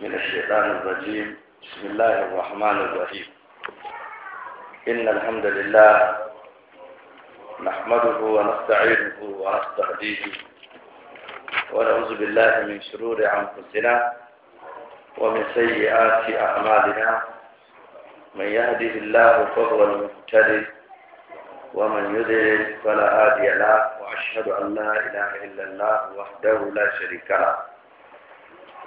من الشيطان الرجيم بسم الله الرحمن الرحيم إن الحمد لله نحمده ونستعينه ونستهديه ونعوذ بالله من شرور أنفسنا ومن سيئات أعمالنا من يهده الله فهو المهتدي ومن يضلل فلا هادي له وأشهد أن لا إله إلا الله وحده لا شريك له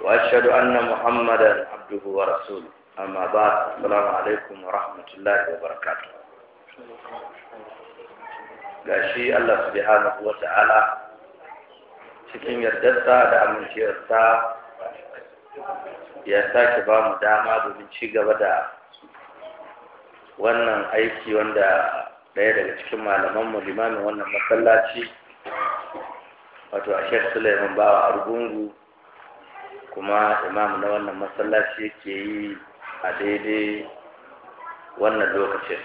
وأشهد أن محمدا عبده ورسوله أما بعد السلام عليكم ورحمة الله وبركاته gashi Allah subhanahu wa ta'ala cikin yardarsa da amincewarsa ya sake ba mu dama domin ci gaba da wannan aiki wanda ɗaya daga cikin malamanmu limamin wannan masallaci wato a shek suleiman bawa argungu kuma imam na wannan masallaci yake yi a daidai wannan lokacin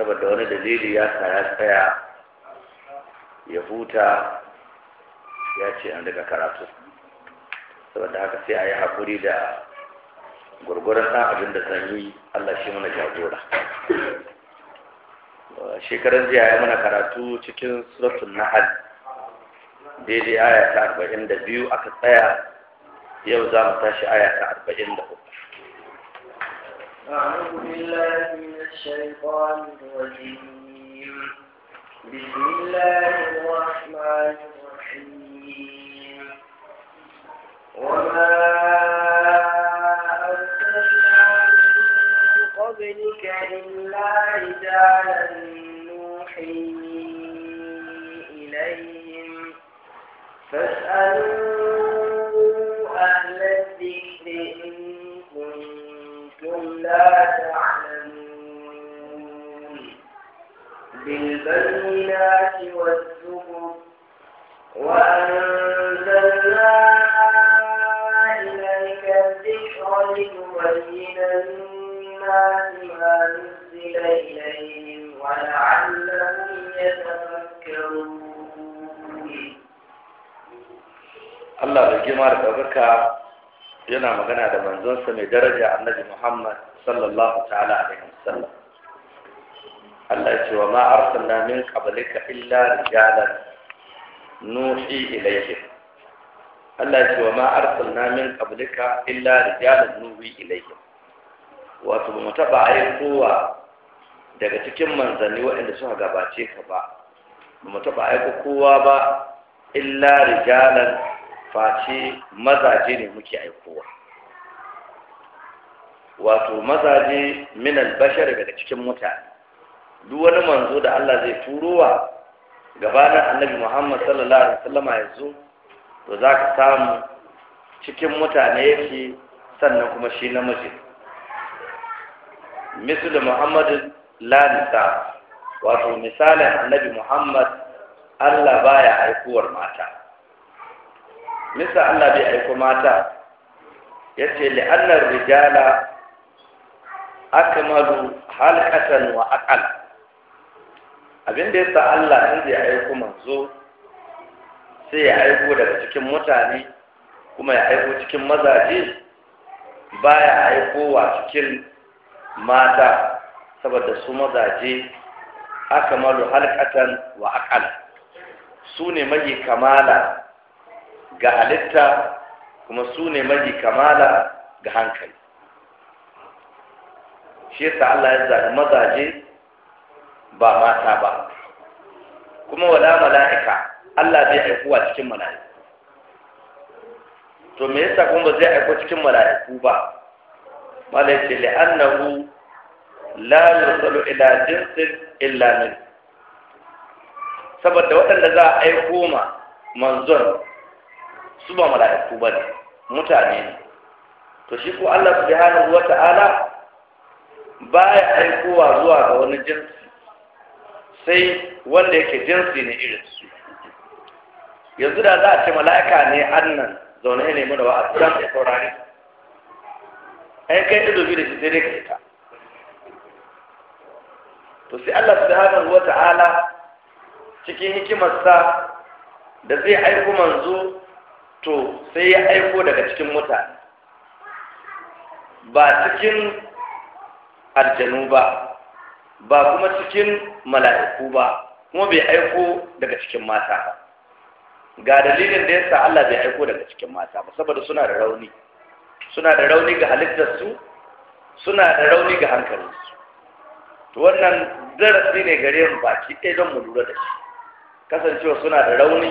saboda wani dalili ya ya tsaya ya huta ya ce an daga karatu saboda haka sai a yi haƙuri da gurgurar ɗan abin da zan yi allah shi mana jagora shekaran jiya ya mana karatu cikin suratun nahal daidai aya ta arba'in da biyu aka tsaya yau za mu tashi aya ta arba'in da uku أعوذ بالله من الشيطان الرجيم بسم الله الرحمن الرحيم وما أرسلنا من قبلك إلا رجالا نوحي فاسألوا أهل الذكر إن كنتم لا تعلمون بالبينات والزبر وأنزلنا إليك الذكر لتبين الناس ما نزل إليهم ولعلهم يتفكرون Allah da girma da ɗaukaka yana magana da manzonsa mai daraja annabi Muhammad sallallahu ta'ala alaihi wasallam Allah ya ce wa ma arsalna min qablika illa rijalan nuhi ilayhim Allah ya ce wa ma arsalna min qablika illa rijalan nuhi ilayhim wato ba mu taɓa aikowa daga cikin manzanni waɗanda suka gabace ka ba ba mu taɓa aiko kowa ba illa rijalan face mazaje ne muke aikowa wato mazaje minal bashar daga cikin mutane duk wani manzo da Allah zai turowa gabanin annabi Muhammad sallallahu alaihi wasallam ya zo to za samu cikin mutane yake sannan kuma shi namiji misali Muhammad la wato misalin annabi Muhammad Allah baya aikowar mata misa Allah bai aiko mata ya ce li'annar rijala akmalu halkatan wa aqal abin da yasa Allah in zai aiko manzo sai ya aiko daga cikin mutane kuma ya aiko cikin mazaje baya wa cikin mata saboda su mazaje akmalu halkatan wa aqal su ne mai kamala ga halitta kuma su ne mafi kamala ga hankali shi yasa Allah ya zaɓi mazaje ba mata ba kuma wala mala'ika Allah zai aikuwa cikin mala'iku to me yasa kuma ba zai aiku cikin mala'iku ba malai ce li'annahu la yusalu ila jinsin illa min saboda waɗanda za a aiko ma manzon su ba mala'iku ba ne mutane ne to shi ko Allah subhanahu wa ta'ala baya aikowa zuwa ga wani jinsi sai wanda yake jinsi ne irin su yanzu da za a ce mala'ika ne annan zaune ne mu da wa'azi za su saurare ai kai ido bi da shi sai dai ka fita to sai Allah subhanahu wa ta'ala cikin hikimarsa da zai aiko manzo to sai ya aiko daga cikin mutane ba cikin aljanu ba ba kuma cikin mala'iku ba kuma bai aiko daga cikin mata ba ga dalilin da yasa Allah bai aiko daga cikin mata ba saboda suna da rauni suna da rauni ga halittarsu suna da rauni ga hankalinsu to wannan darasi ne gare mu baki ɗaya don mu lura da shi kasancewa suna da rauni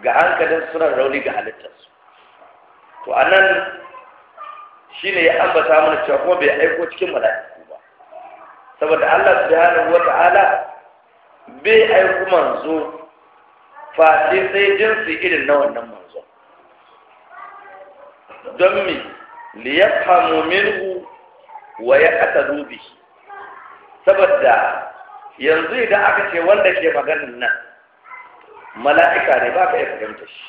ga hankalin suna rauni ga halittarsu to a nan shi ne ya ambata mana cewa kuma bai aiko cikin mala'iku ba saboda Allah subhanahu wa ta'ala bai aiko manzo face sai jinsi irin na wannan manzo don mi liyafhamu minhu wa yaqtadu bihi saboda yanzu idan aka ce wanda ke maganin nan mala'ika ne ba ka iya fahimta shi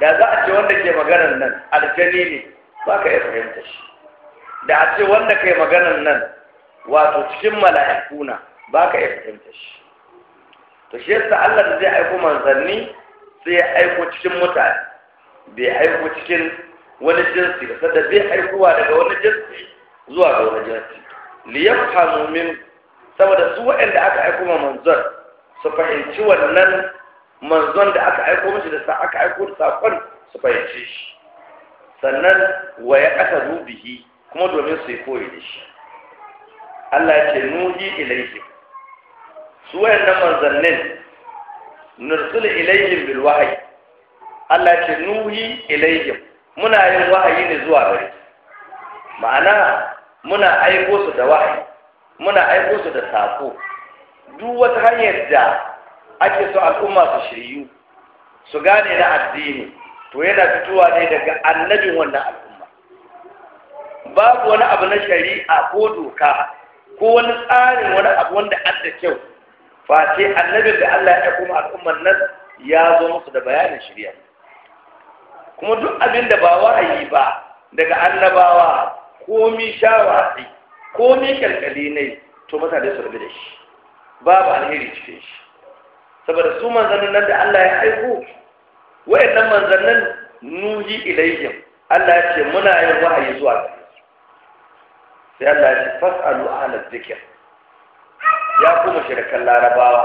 da za a ce wanda ke maganar nan aljani ne ba ka iya fahimta shi da a ce wanda kai maganar nan wato cikin mala'iku na ba ka iya fahimta shi to shi yasa Allah da zai aiko manzanni sai ya aiko cikin mutane bai aiko cikin wani jinsi ba sanda bai aikowa daga wani jinsi zuwa ga wani jinsi liyafhamu min saboda su waɗanda aka aiko ma manzon su fahimci wannan manzon da aka aiko mishi da aka aiko da saƙon su fahimci shi sannan wa ya ƙasa rubihi kuma domin su yi koyi da shi Allah ya ce nuhi ilaihi su wayannan manzannin nursul ilaihim bil wahyi Allah ya ce nuhi ilaihim muna yin wahayi ne zuwa gare ma'ana muna aiko su da wahayi muna aiko su da saƙo duk wata hanyar da ake so al'umma su shiryu su gane na addini to yana fitowa ne daga annabin wannan al'umma babu wani abu na shari'a ko doka ko wani tsarin wani abu wanda an da kyau face annabin da Allah ya kuma al'umman nan ya zo musu da bayanin shirya kuma duk abin da ba wa'ayi ba daga annabawa komi shawatsi komi kyalkyali ne to mutane su rabu da shi babu alheri cikin shi saboda su manzannin nan da Allah ya aiko nan manzannin nuhi ilayhim Allah ya ce muna yin wahayi zuwa gare su sai Allah ya ce fas'alu ahla dhikr ya kuma shirkan larabawa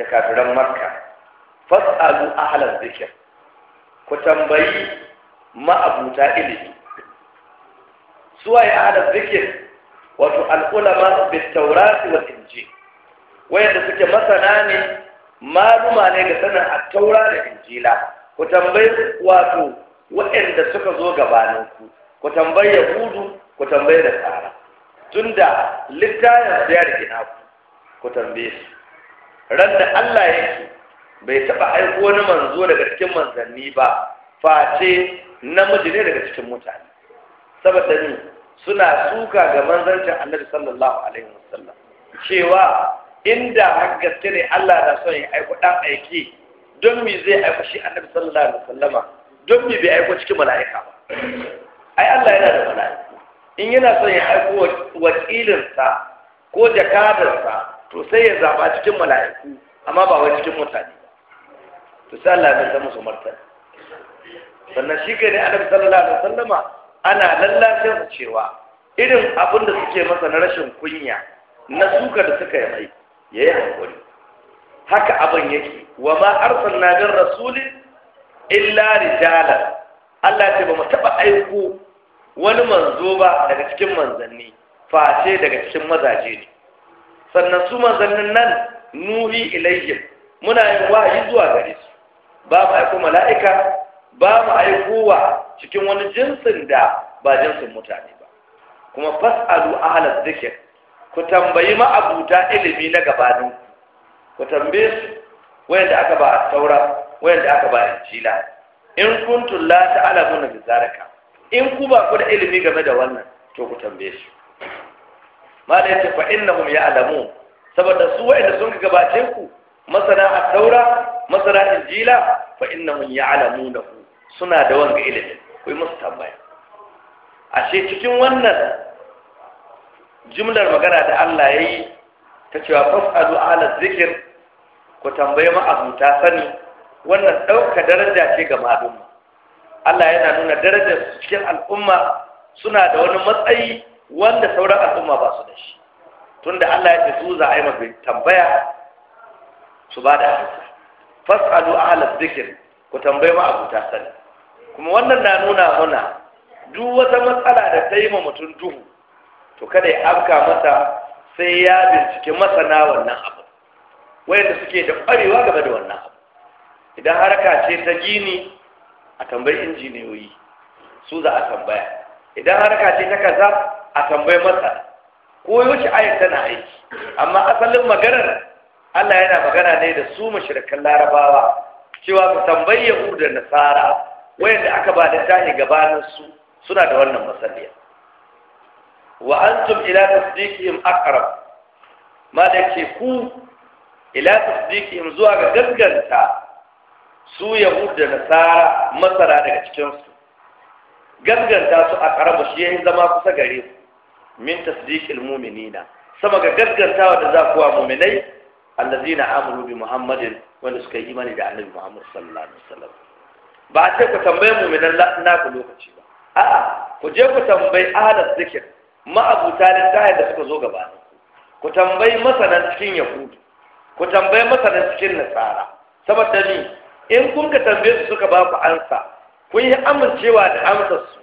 da kafiran makka fas'alu ahla dhikr ku tambayi ma'abuta ilimi a ahla dhikr wato al-ulama bit-taurat wal-injil wayanda suke masana ne maluma ne da sanin a taura da injila ku tambayi wato waɗanda suka zo gabaninku ku tambayi yahudu ku tambayi da tsara tunda littafin da ya rigina ku ku tambaye su ran da Allah yake bai taɓa aiko wani manzo daga cikin manzanni ba face namiji ne daga cikin mutane saboda ni suna suka ga manzancin annabi sallallahu alaihi wasallam cewa inda har gaske ne Allah na son ya aiko dan aiki don me zai aiko shi annabi sallallahu alaihi wasallama don me bai aiko cikin mala'ika ba ai Allah yana da mala'ika. in yana son ya aiko wakilinsa ko jakadarsa to sai ya zaba cikin mala'iku amma ba wai cikin mutane to sai Allah ya san musu martani sannan shi kai ne annabi sallallahu alaihi wasallama ana lallashin cewa irin abin da suke masa na rashin kunya na suka da suka yi mai ya yi hankali. haka abin yake wa ma na bin rasulin illa rijalan Allah ce ba mu taɓa aiko wani manzo ba daga cikin manzanni face daga cikin mazaje ne sannan su manzannin nan nuhi ilayya muna yin wahayi zuwa gare su ba mu aiko mala'ika ba mu aikowa cikin wani jinsin da ba jinsin mutane ba kuma fasalu ahlaz zikr ku tambayi ma'abuta ilimi na gabanin ku tambaye su wayanda aka ba a taura wayanda aka ba injila in kuntun la mun bi zaraka in ku ba ku da ilimi game da wannan to ku tambaye su malai ta fa innahum ya'lamu saboda su wayanda sun gabace ku masana a taura masana injila fa innahum ya'lamunahu suna da wanga ilimi ku yi musu tambaya ashe cikin wannan jumlar magana da Allah ya yi ta cewa fas'alu ala zikir ku tambaye ma'abuta sani wannan ɗauka daraja ce ga malumma Allah yana nuna darajar su cikin al'umma suna da wani matsayi wanda sauran al'umma ba su da shi tunda Allah ya ce su za a yi mafi tambaya su ba da hansa fas'alu ala zikir ku tambaye ma'abuta sani kuma wannan na nuna mana duk wata matsala da ta yi ma mutum duhu to kada ya afka masa sai ya bincike masana wannan abu wayanda suke da ƙwarewa game da wannan abu idan harka ce ta gini a tambayi injiniyoyi su za a tambaya idan harka ce ta kaza a tambayi masa ko yaushe ayat tana aiki amma asalin maganar Allah yana magana ne da su mashirikan larabawa cewa su tambayi yahudu da nasara wayanda aka ba da tahi gabanin su suna da wannan masaniya wa antum ila tasdiqihim aqrab ma da ke ku ila tasdiqihim zuwa ga gaskanta su yahud da nasara masara daga cikin su gaskanta su aqrab shi yayin zama kusa gare ku min tasdiqil mu'minina sama ga gaskantawa da za kuwa mu'minai allazina amanu bi muhammadin wanda suka yi imani da annabi muhammad sallallahu alaihi wasallam ba a ce ku tambaye mu'minan na ku lokaci ba a'a ku je ku tambayi ahlaz zikir ma'abuta littafin da suka zo gaba ku tambayi masanan cikin yahudu ku tambayi masanan cikin nasara saboda ni in kun ka tambaye su suka ba ku ansa kun yi amincewa da amsar su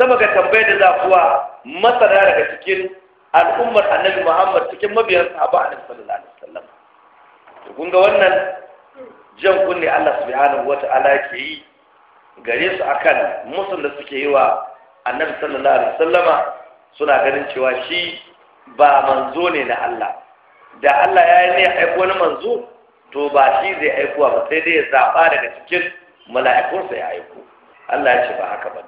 sama ga tambayar da za kuwa masana daga cikin al'ummar annabi muhammad cikin mabiyan sahaba annabi sallallahu alaihi wasallam to kun ga wannan jan kunne Allah subhanahu ala ke yi gare su akan musul da suke yi wa annabi sallallahu alaihi wasallama suna ganin cewa shi ba manzo ne na Allah da Allah ya yi ne ya aiko wani manzo to ba shi zai aiko ba sai dai ya zaɓa daga cikin mala'ikunsa ya aiko Allah ya ce ba haka ba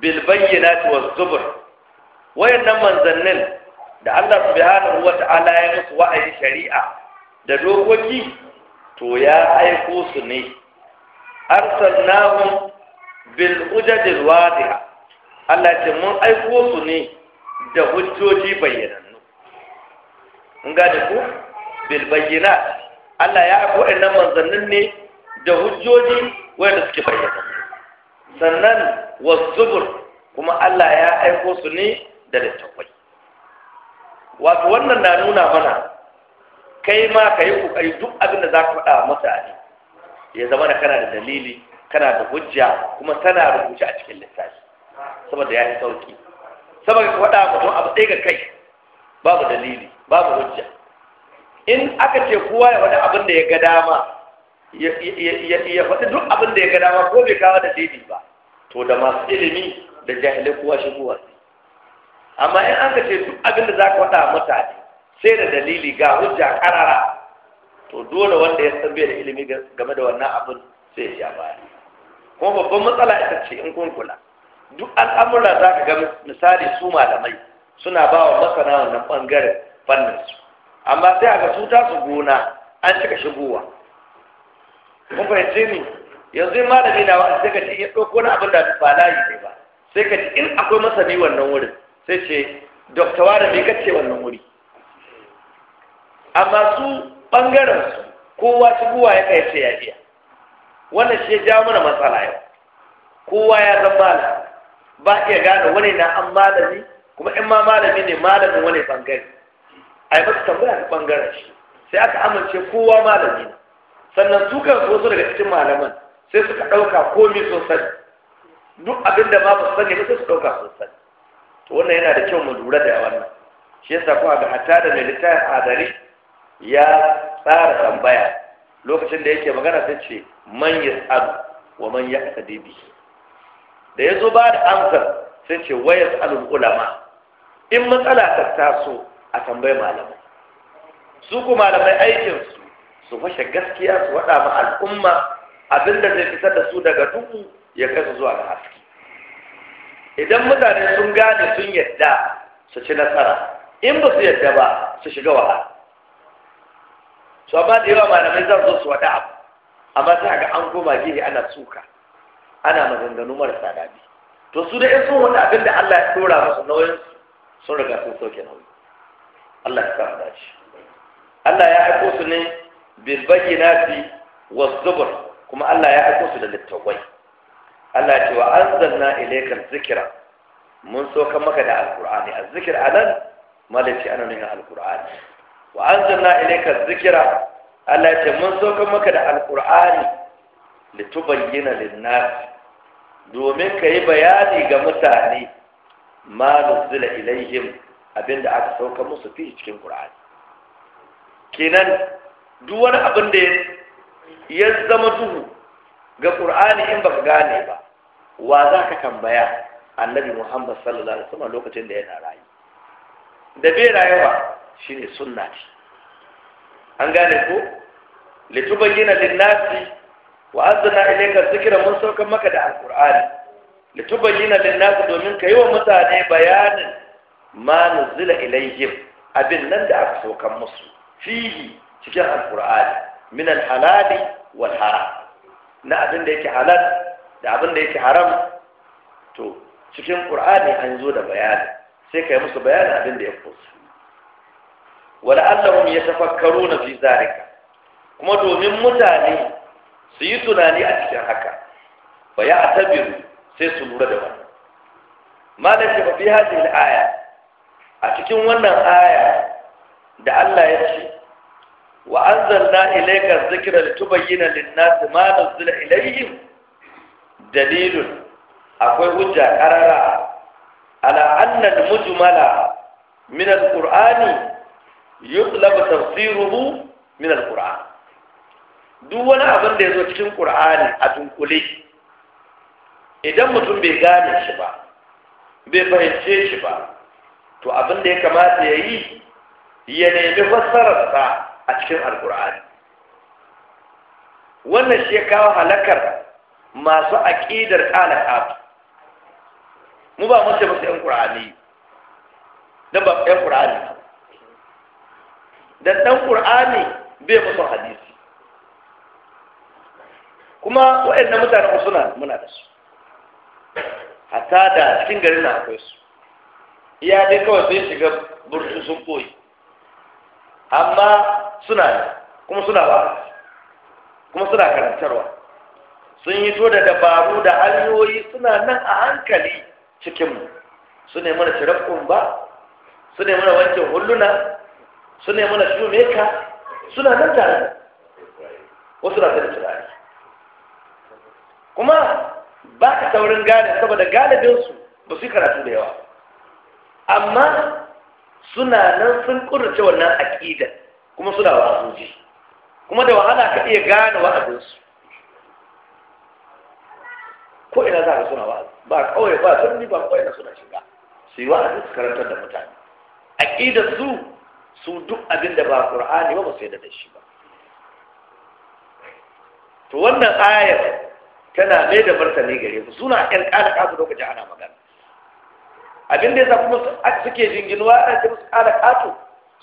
bil bayyinati wa zubur wayannan manzannin da Allah subhanahu wata'ala ya musu wa'ayi shari'a da dokoki to ya aiko su ne arsalnahum bil hujajil wadiha Allah ce mun aiko su ne da hujjoji bayyanannu in gane ku bil bayyana Allah ya aiko wannan manzannin ne da hujjoji wanda suke bayyana sannan wasubur kuma Allah ya aiko su ne da littattafai wato wannan na nuna mana kai ma ka yi kokari duk abin da za ka faɗa mutane ya zama da kana da dalili kana da hujja kuma tana rubuce a cikin littafi saboda ya yi sauki saboda ka faɗa mutum abu ɗaya ga kai babu dalili babu hujja in aka ce kowa ya faɗi abin da ya ga dama ya faɗi duk abin da ya ga dama ko bai kawo dalili ba to da masu ilimi da jahilai kowa shi kowa amma in aka ce duk abin da za ka faɗa mutane sai da dalili ga hujja karara to dole wanda ya san bai da ilimi game da wannan abin sai ya ba baya kuma babban matsala ita ce in kun kula duk al'amura za ka ga misali su malamai suna ba wa masana wannan ɓangaren fannin su amma sai a ga su ta su gona an cika shigowa kun fahimce ni yanzu malami na wa'azi sai ka ce in ɗauko na abin da ba layi ne ba sai ka ce in akwai masani wannan wurin sai ce dokta wada bai kace wannan wuri amma su ɓangaren su kowa shigowa ya kai ce ya iya wannan shi ya jawo mana matsala yau kowa ya zama malam ba iya gane wani na an malami kuma in ma malami ne malamin wani bangare a yi masu tambaya ta bangaren shi sai aka amince kowa malami ne sannan su kan so su daga cikin malaman sai suka ɗauka komi sosai. duk abin da ma ba su sani ba sai su ɗauka sosai. to wannan yana da kyau mu lura da wannan shi yasa kuma ga hatta da mai littafin adari ya tsara tambaya lokacin da yake magana sai ce man yas'alu wa man ya'tadi bihi da ya zo ba da amsar sai ce wayas tsalin ulama in matsala ta taso a tambayi malamai su ku malamai aikinsu su fashe gaskiya su waɗa ma al'umma abinda zai fitar da su daga duhu ya kasa zuwa da haske idan mutane sun gane sun yadda su ci nasara in ba su yadda ba su shiga wahala su amma da yawa malamai zan zo su waɗa abu amma sai ga an koma gini ana suka ana maganganu marasa daɗi to su da in sun wani abin da Allah ya tura musu nauyin sun riga sun sauke nauyi Allah ya sa dace Allah ya aiko su ne bil na fi wasu kuma Allah ya aiko su da littattafai. Allah ya ce wa na ilaikar zikira mun sauka maka da A alqur'ani a anan malaci ana nuna alkur'ani wa anzalna ilaikar zikira Allah ya ce mun sauka maka da alkur'ani litubayyana lin domin ka yi bayani ga mutane ma nuzila ilaihim abinda aka sauka musu fi cikin qur'ani kenan duk wani abin da ya zama duhu ga qur'ani in baka gane ba wa za ka tambaya annabi muhammad sallallahu alaihi wasallam lokacin da yana rayu da bai rayuwa shine sunna an gane ko litubayyana lin-nasi wa anzalna ilayka zikira mun saukar maka da alqur'ani litubayyana lin-nas domin kai wa mutane bayanin ma nuzila ilayhim abin nan da aka saukan musu fihi cikin alqur'ani min al-halali wal haram na abin da yake halal da abin da yake haram to cikin qur'ani an zo da bayani sai kai musu bayanin abin da ya kusa wala allahum yatafakkaruna fi zalika kuma domin mutane su yi tunani a cikin haka ba ya atabiru sai su lura da wani malam ya fi hadhihi aya a cikin wannan aya da Allah ya ce wa anzalna ilayka dhikra litubayyana lin-nasi ma nuzila ilayhim dalilun akwai hujja karara ala anna al-mujmala min al-qur'ani yutlab tafsiruhu min al-qur'an duk wani abin da ya zo cikin ƙur'ani a dunkule idan mutum bai gane shi ba bai fahimce shi ba to abin da ya kamata ya yi ya nemi fassararsa a cikin alƙur'ani wannan shi ya kawo halakar masu aƙidar ƙana ƙafi mu ba mun ce masu ƴan ƙur'ani don ba ƴan ƙur'ani don ɗan ƙur'ani bai musu hadisi kuma waɗannan mutanen suna muna da su hatta da cikin garin na akwai su iya dai kawai sai shiga burtu sun koyi amma suna kuma suna ba kuma suna karantarwa sun yi to da dabaru da hanyoyi suna nan a hankali cikinmu su ne mana shirafin ba su ne mana wancan hulluna su ne mana shumeka suna nan tare wasu na da turare kuma ba ka saurin gane saboda galibinsu ba su yi karatu da yawa amma suna nan sun ƙurrace wannan aƙida kuma suna wa'azoji kuma da wahala ka iya gane wa'azinsu ko ina za ka suna wa'azi ba kawai ba sun ba kawai na suna shiga su yi wa'azi su karantar da mutane aƙidar su su duk abin da ba ƙur'ani ba ba su yadda da shi ba to wannan ayar tana mai da martani gare su suna ƴan ƙara ƙasa lokacin ana magana abin da ya musu kuma suke jinginuwa ana ce musu ƙara ƙato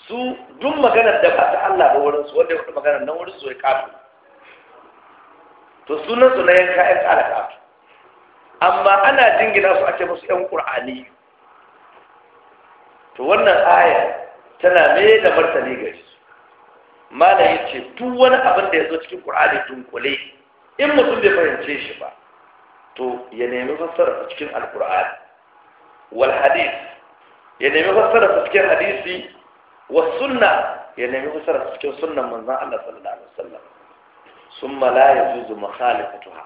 su duk maganar da ba ta Allah ba wurin su wanda ya faɗi maganar nan wurin su ya ƙato to sunan su na yanka ƴan ƙara ƙato amma ana jingina su a ce musu ƴan ƙur'ani to wannan aya tana mai da martani gare su malam ya ce duk wani abin da ya zo cikin ƙur'ani dunkule in mutum bai fahimce shi ba to ya nemi fassara cikin alkur'an wal hadis ya nemi fassara cikin hadisi wa sunna ya nemi fassara cikin sunnan manzon Allah sallallahu alaihi wasallam summa la yajuzu mukhalafatuha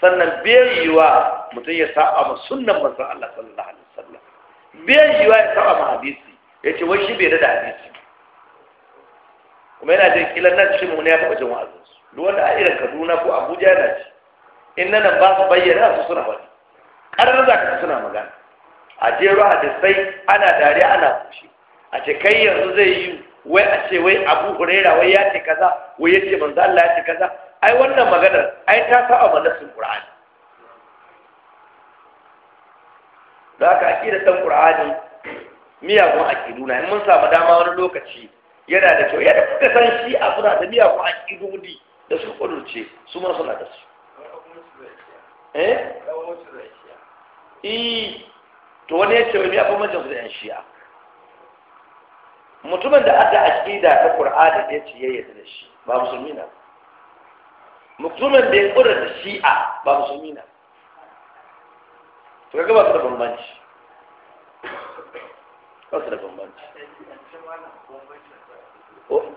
sannan bai yiwa mutum ya saba ma sunnan manzon Allah sallallahu alaihi wasallam bai yiwa ya saba ma hadisi yace wai shi bai da hadisi kuma yana jin kilan nan cikin mu ne ya taba jin wa'azinsu duk wanda a irin kaduna ko abuja yana ci in nan ba su bayyana su suna faɗi ƙarar za ka suna magana a jero sai ana dariya ana fushi a ce kai yanzu zai yi wai a ce wai abu huraira wai ya ce kaza wai ya ce manzo Allah ya ce kaza ai wannan maganar ai ta saba manasin qur'ani da aka akida san qur'ani miyagun akidu na in mun samu dama wani lokaci yana da kyau da kuka san shi a suna da miyagun akidu ne da su kudurce su ma suna da su eh eh to wani ya ce wani ya bambancin su da yan shi'a mutumin da aka aqida ta qur'ani ya ce yayi da shi ba musulmi na mutumin da ya ƙura da shi'a ba musulmi na to kaga ba su da bambanci ba su da bambanci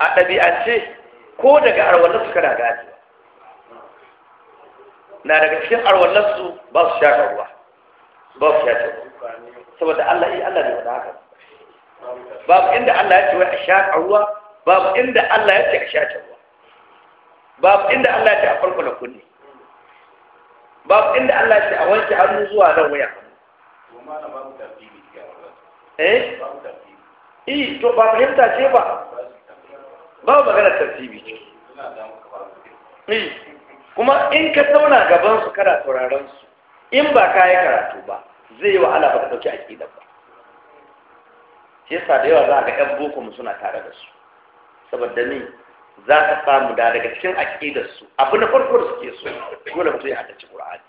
a ɗabi'ance ko daga arwallarsu kana gane na daga cikin arwallarsu ba su sha ruwa ba su sha ruwa saboda Allah yi eh, Allah ne wanda haka babu inda Allah ya ce wai a shaƙa ruwa babu inda Allah ya ce a shaƙa ruwa babu inda Allah ya ce a farko na kunne babu inda Allah ya ce a wanke hannu zuwa nan waya eh? eh to ba fahimta ce ba babu magana tartibi ce kuma in ka zauna gaban su kana sauraron su in ba ka yi karatu ba zai yi wahala ba ka dauki aqidar ba shi yasa da yawa za ga yan boko mu suna tare da su saboda ni za ka samu da daga cikin aqidar su abu na farko da suke so dole mutum ya haddace qur'ani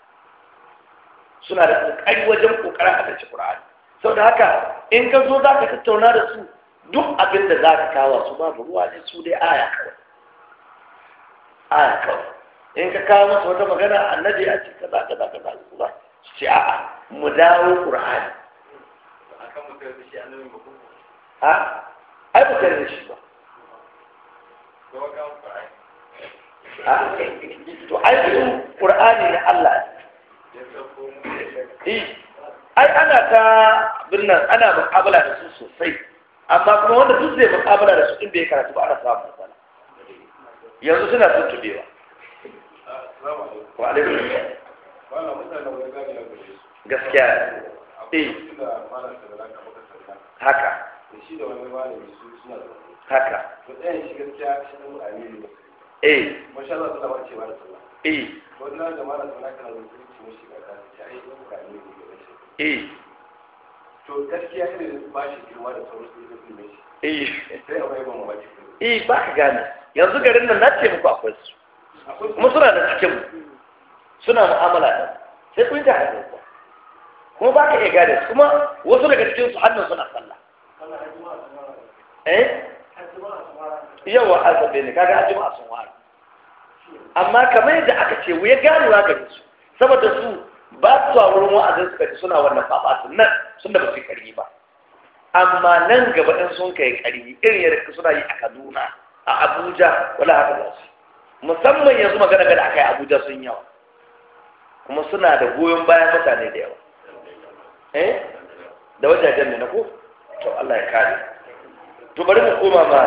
suna da kokari wajen kokarin haddace qur'ani saboda haka in ka zo za ka tattauna da su duk abin da za ka kawo su babu ruwa ne su dai aya kawai aya kawai in ka kawo masa wata magana annabi a ce kaza kaza kaza kaza su ce a'a mu dawo qur'ani a ai ba kai da shi ba to ai qur'ani ne Allah ne ai ana ta birnin ana mu'amala da su sosai amma kuma wanda duk zai mu'amala da su in bai karatu ba ana samun matsala yanzu suna sun wa ba gaskiya ne. Eh. haka haka eh masha Allah ba da to ba eh. eh ba ka gane yanzu garin nan na ce muku akwai su kuma suna da cikin suna mu'amala da sai kun ta hadin ku kuma ba ka iya gane su kuma wasu daga cikin su hannun suna sallah eh yawa azabe ne kaga ajima sun wara amma kamar yadda aka ce wuya ganewa gare su saboda su ba su wurin wa'azin suka ji suna wannan fafa su nan sun da ba su karyi ba amma nan gaba in sun kai ƙari irin yadda suna yi a kaduna a abuja wala haka za su musamman yanzu magana gada aka yi abuja sun yawa kuma suna da goyon bayan mutane da yawa eh da wajajen ne na ko to Allah ya kare to bari mu koma ma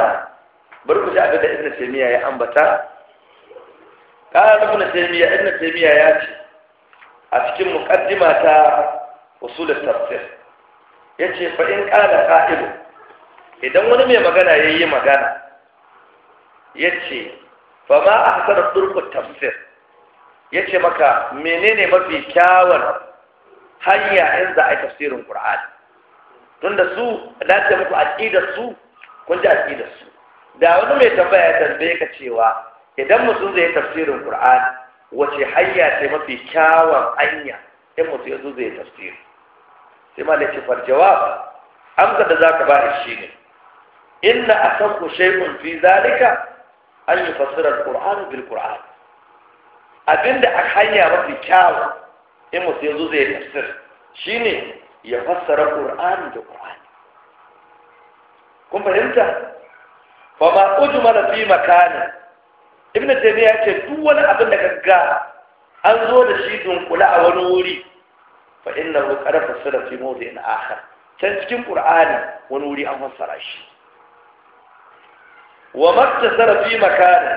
bari ku ji abin da Ibn Taymiyyah ya ambata kana Ibn Taymiyyah Ibn Taymiyyah ya ce a cikin muƙaddima ta usul tafsir yace fa in qala qa'il idan wani mai magana yayi magana yace fa ma ahsara turqu tafsir yace maka menene mafi kyawun hanya in za a tafsirin qur'ani tunda su da ta muku aqidar su kun ji aqidar su da wani mai tambaya ya tambaye ka cewa idan mutum zai tafsirin qur'ani wace hanya ce mafi kyawun hanya in mutum ya zo zai tafsiri sai ma lace far jawab amsa da zaka ba shi ne inna asaku shay'un fi zalika an yufassira al bil qur'an abinda a hanya mafi kyawun in mutum ya zo zai tafsir shine ya fassara qur'ani da qur'ani kun fahimta fa ma ujmala fi makanin ibn tabi ya ce duk wani abin da gagga an zo da shi don kula a wani wuri fa hu qad fasara fi mawdi'in akhar can cikin qur'ani wani wuri an fassara shi wa mattasara fi makana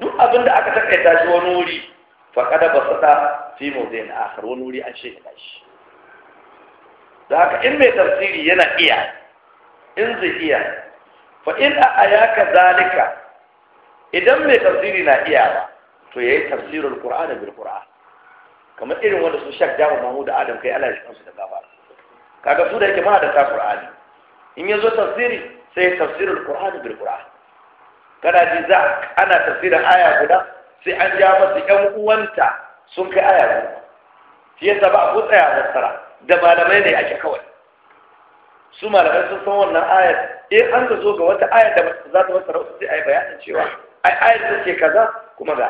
duk abin da aka takaita shi wani wuri fa qad basata fi mawdi'in akhar wani wuri an shekara shi da haka in mai tafsiri yana iya in zai iya fa in a ayaka zalika idan mai tafsiri na iya ba, to ya yi tafsirin qur'ani bil Bilƙur'a. kamar irin wanda sun shak jamu mahmud adam kai Allah ya kansu da gafara kaga su da yake ma da ta qur'ani in zo tafsiri sai ya tafsirin qur'ani bil Bilƙur'a. kana ji za ana tafsirin aya guda sai an ja masa yan uwanta sun kai aya guda shi yasa ba a ku tsaya masara. da malamai ne ake kawai su malamai sun san wannan ayar in eh, an ka zo ga wata ayar da za ta fassara sai a yi bayanin cewa ai ayar ta ce kaza kuma ga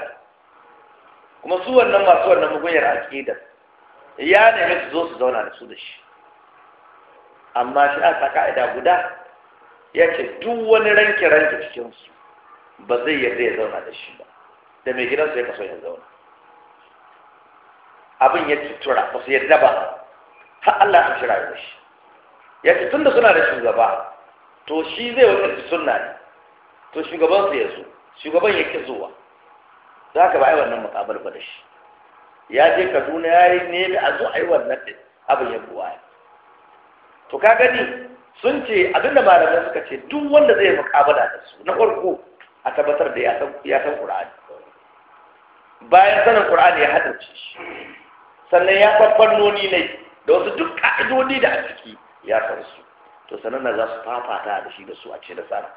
kuma su wannan masu wannan mugunyar aƙida ya nemi su zo su zauna da su da shi amma shi aka ka'ida guda ya ce duk wani ranke ranke cikinsu ba zai yarda ya zauna da shi ba da mai gidansu ya kaso ya zauna abin ya tutura ba su yarda ba har Allah ya shirya da shi ya ce tun da suna da shugaba to shi zai wani sunna ne to shugabansu ya zo shugaban yake zuwa za ka ba a yi wannan ba da shi ya je kaduna ya yi ne a zo a yi wannan din abin ya buwa to ka gani sun ce abinda malamai suka ce duk wanda zai mukabala da su na farko a tabbatar da ya san ƙur'ani bayan sanin ƙur'ani ya haddace shi sannan ya noni ne da wasu duk ka'idodi da a ciki ya san su to sanannan za su fafata da shi da su a ce da tsara.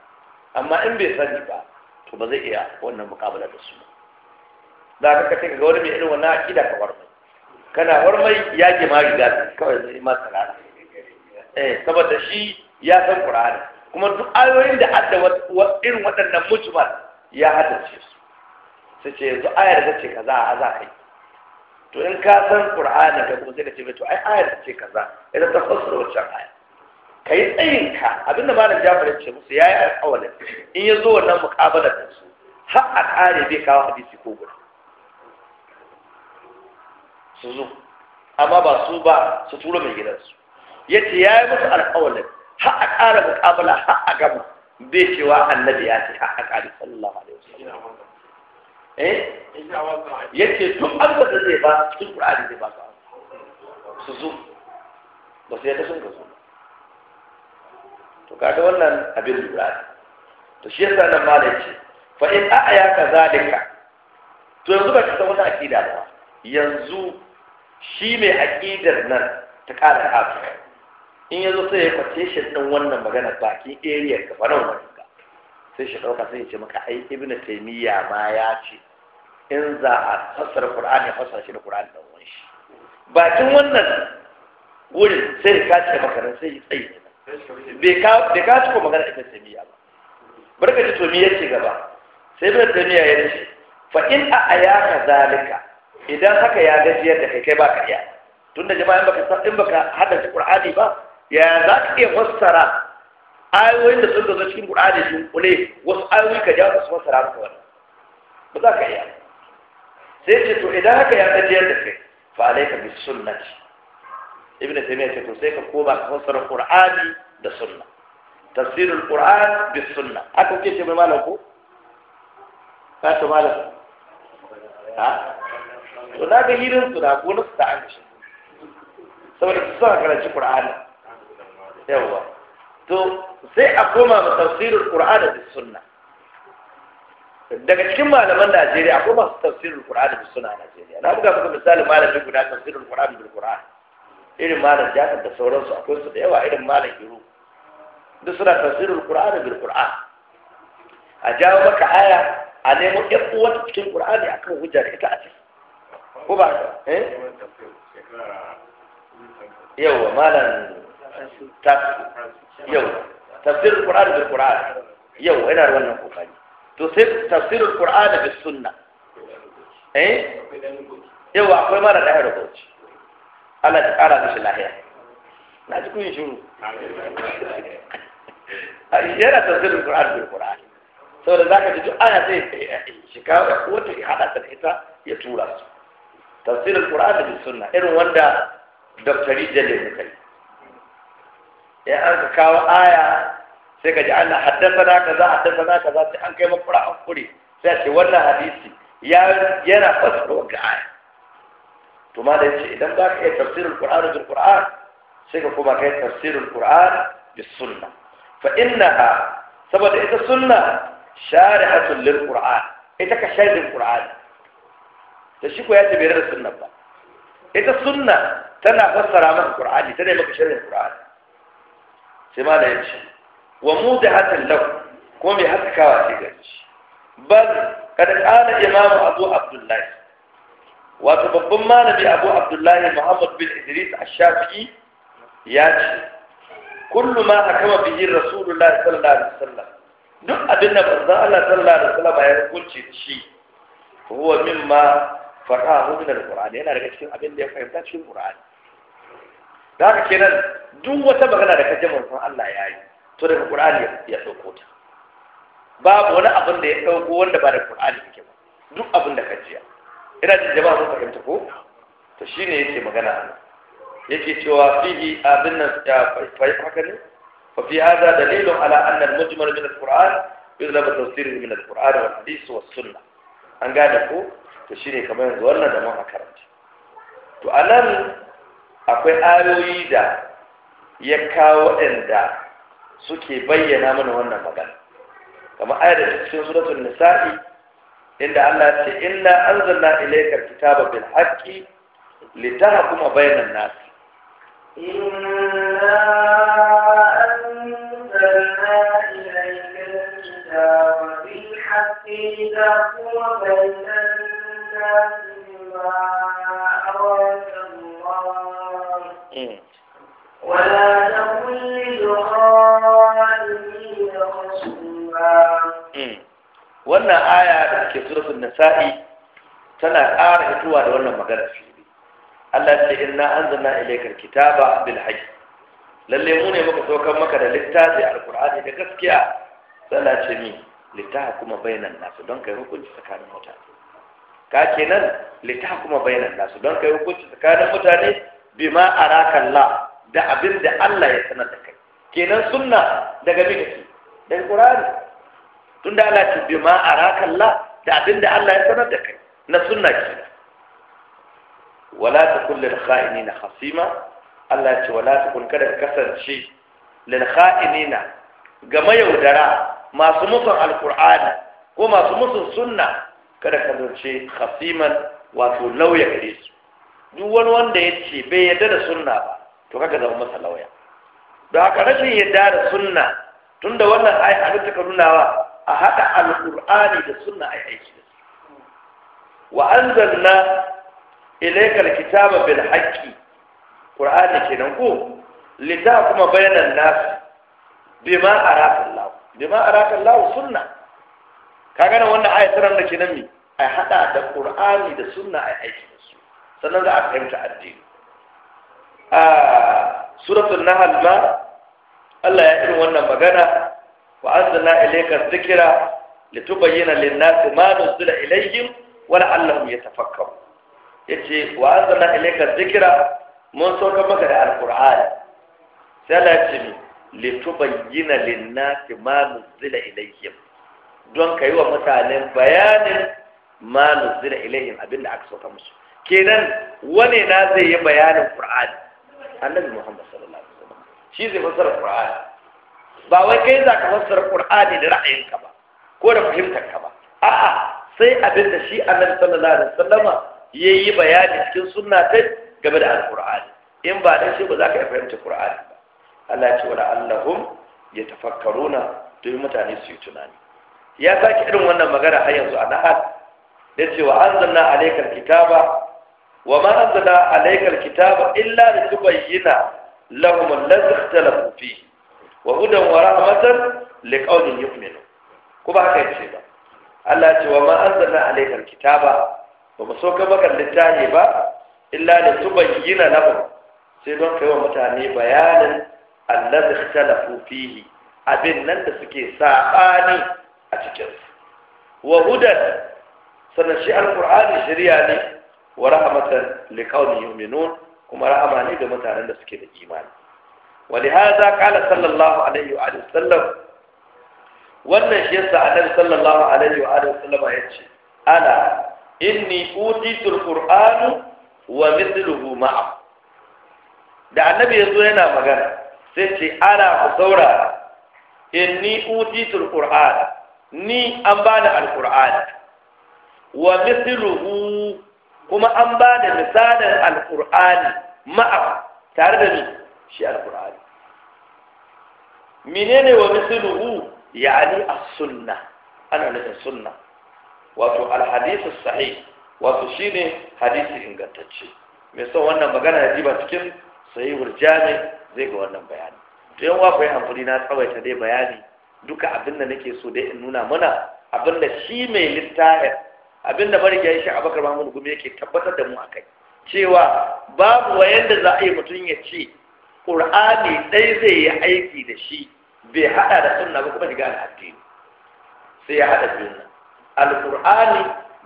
amma in bai sani ba to ba zai iya wannan mukabala da su da ka kace ga wani mai irin wannan akida ka warmai kana warmai ya ke ma riga kawai zai ma tsara eh saboda shi ya san qur'ani kuma duk ayoyin da adda irin waɗannan mujmal ya haddace su sai ce yanzu ayar da ce kaza a za kai to in ka san qur'ani ka ko sai ka ce to ai ayar da ce kaza idan ta fassara wancan ayar ka yi tsayinka abinda malam jafar ya ce musu ya yi alƙawalin in ya zo wannan muƙabalar da su har a ƙare bai kawo hadisi ko guda su zo amma ba su ba su tura mai gidansu ya ce ya yi musu alƙawalin har a ƙara muƙabala har a gama bai cewa annabi ya ce har a ƙare sallallahu alaihi wasallam eh? ya ce duk abin da zai ba cikin ƙur'ani zai ba su su zo ba su yadda sun ka zo to kaga wannan abin lura ne to shi yasa nan ma ce fa in a'ya ka zalika to yanzu ba ka san wani aqida ba yanzu shi mai aƙidar nan ta ƙara abu in yazo sai ya kwace shi din wannan magana bakin area ka fara ka sai shi dauka sai ya ce maka ai ibnu taymiya ma ya ce in za a fassara qur'ani fassara shi da qur'ani da wani shi bakin wannan wurin sai ka ce maka sai ya tsaye bai ka ciko magana ibn miya ba barka ji to me yake gaba sai ibn taymiya ya ce fa in a ka zalika idan haka ya gajiyar da kai kai ka iya tun da jama'a in baka hada in qur'ani ba ya za ka iya fassara ayoyin da sun zo cikin qur'ani sun kule wasu ayoyi ka ja su fassara ba wani ba za ka iya sai ce to idan haka ya gajiyar da kai fa alaika bis sunnati ibn taymiya ce to sai ka koma ka fassara qur'ani da sunna tafsirul qur'an bis sunna haka kike ce mai malam ko ka ta malam ha to na ga hirin su da ko su ta shi saboda su sa karanci qur'ani yawa to sai a koma ga tafsirul qur'ani bis sunna daga cikin malaman Najeriya akwai masu tafsirul Qur'ani bis sunna a Najeriya na buga muku misali malamin guda tafsirul Qur'ani bil Qur'ani irin malam jafar da sauransu akwai su da yawa irin malam iru duk suna tafsirul qur'ani bil qur'an a jawo maka aya a nemo ɗan uwanta cikin qur'ani kan hujja da ita a ciki ko ba ka eh yawa malam yau yawa tafsirul qur'ani bil qur'an Yau, yana da wannan kokari to sai tasirin qur'ani bis sunna eh yau akwai mara da rubuci Ala ta ƙara mishi lahiya na ji kun shiru yana tasirin Qur'an bil Qur'an saboda zaka ji duk aya sai shi kawo wata ya hada ta ita ya tura su tafsirin Qur'an da sunna irin wanda daftari jalil muka kai. ya an ka kawo aya sai ka ji ana haddasa na a haddasa na za sai an kai makura an kure sai a ce wannan hadisi yana fasara ga aya to ma da yace idan za ka iya tafsirul qur'ani bil qur'an sai ka kuma kai tafsirul qur'an bis sunna fa innaha saboda ita sunna shari'atun lil qur'an ita ka sharhin qur'ani da shi ko ya ce bai da sunna ba ita sunna tana fassara maka qur'ani tana maka sharhin qur'ani sai ma da yace wa mudahatan lahu ko mai haskawa ce gari bal kada kana imamu abu abdullahi wato babban malami abu abdullahi muhammad bin idris ash-shafi'i ya ce kullu ma hakama bihi rasulullahi sallallahu alaihi wasallam duk abin da manzon Allah sallallahu alaihi wasallam ya hukunci shi huwa mimma farahu min al-qur'ani yana daga cikin abin da ya fahimta cikin qur'ani da haka kenan duk wata magana da kaje manzon Allah ya yi to daga qur'ani ya dauko ta babu wani abin da ya dauko wanda ba da qur'ani yake ba duk abin da kajiya ina jin jama'a sun fahimta ko to shine yake magana yake cewa fihi abin nan ya fahimta haka ne fa fi hada dalilun ala anna al-mujmal min alquran quran yuzlabu tafsirin min al-qur'an wal hadith was sunnah an gane ko to shine kamar yanzu wannan da mun karanta to anan akwai ayoyi da ya kawo inda suke bayyana mana wannan magana kamar ayar da cikin suratul nisa'i inda Allah ya ce inna anzalna ilayka kitaba bil haqqi litahkuma bainan nas inna anzalna ilayka kitaba bil haqqi litahkuma bainan nas bima arada Allah ولا تكن للخائنين خصوما wannan aya da ke suratul nasa'i tana ƙara hituwa da wannan magana fili Allah ce in na inna anzalna ilaykal kitaba bil haƙi lalle mu ne muka saukan maka da littafi Alƙur'ani da gaskiya sallah ce ni kuma bainan nasu don kai hukunci tsakanin mutane ka kenan kuma bainan nasu don kai hukunci tsakanin mutane bima araka Allah da abin da Allah ya sanar da kai kenan sunna daga me daga qur'ani tun da Allah ce bi ma arakalla da abin da Allah ya sanar da kai na sunna ke wala takun lil kha'inina hasima Allah ya ce wala takun kada ka kasance lil kha'inina ga mayaudara masu musun alqur'ani ko masu musun sunna kada ka zance hasiman wato lauya gare su duk wani wanda ya ce bai yarda da sunna ba to kaga zama masa lauya da haka rashin yarda da sunna tunda wannan ayi abin ta nunawa a haɗa alƙur'ani da sunna a aiki da su wa zanna ilaikar kitaba bil ƙur'ani qur'ani kenan ko lita kuma bayanan nas bima bi ma bima araka Allah sunna kaga wanda wannan yi ran da nan mi a haɗa da ƙur'ani da sunna a aiki da su sannan za a fahimta addini a ah, suratul na ma Allah ya irin wannan magana wa anzalna ilayka dhikra litubayyana lin-nasi ma nuzila ilayhim wa la'allahum yatafakkarun yace wa anzalna ilayka dhikra mun sauka maka da alqur'ani sai Allah ya ce mi litubayyana lin-nasi ma nuzila ilayhim don kai wa mutanen bayanin ma nuzila ilayhim abinda aka sauka musu kenan wane na zai yi bayanin qur'ani annabi muhammad sallallahu alaihi ba wai kai za ka fassara qur'ani da ra'ayinka ba ko da fahimtar ka ba a'a sai abin da shi annabi sallallahu alaihi wasallama yayi bayani cikin sunna ta game da alqur'ani in ba dan shi ba za ka iya fahimta qur'ani ba Allah ya ce wala annahum yatafakkaruna duk mutane su yi tunani ya saki irin wannan magana har yanzu a nahar da cewa anzalna alaykal kitaba wa ma anzalna alaykal kitaba illa litubayyana lahum alladhi ikhtalafu fihi wa hudan wa rahmatan liqaumin yu'minu ko ba ce ba Allah ce wa ma anzalna alayka alkitaba ba mu ka maka littafi ba illa li tubayyana lahum sai don kai wa mutane bayanin allazi ikhtalafu fihi abin nan da suke sabani a cikin wa hudan sanan shi alqur'ani shari'a ne wa rahmatan liqaumin yu'minun kuma rahama ne ga mutanen da suke da imani ولهذا قال صلى الله عليه وآله وسلم wannan shi yasa annabi sallallahu alaihi wa alihi wasallam ya ce ala inni utitul Kur'anu wa mithluhu ma'a da annabi yazo yana magana sai ce ala ku saurara inni utitul qur'an ni an bani alqur'ani wa mithluhu kuma an bani misalin alqur'ani ma'a tare da ni shi alqur'ani menene wa misluhu ya'ni as sunna? ana nufin sunna wato al-hadith as-sahih wato shine hadisi ingantacce mai son wannan magana da jiba cikin sahihul jami zai ga wannan bayani to yan wafa hankuri na tsawaita dai bayani duka abin da nake so dai in nuna mana abin da shi mai littafin abin da bari yayi shi Abubakar Mahmud Gumi yake tabbatar da mu akai cewa babu wayanda za a yi mutum ya ce Qur'ani dai zai yi aiki da shi bai hada da sunna ba kuma shiga al'addini sai ya hada biyun nan alqur'ani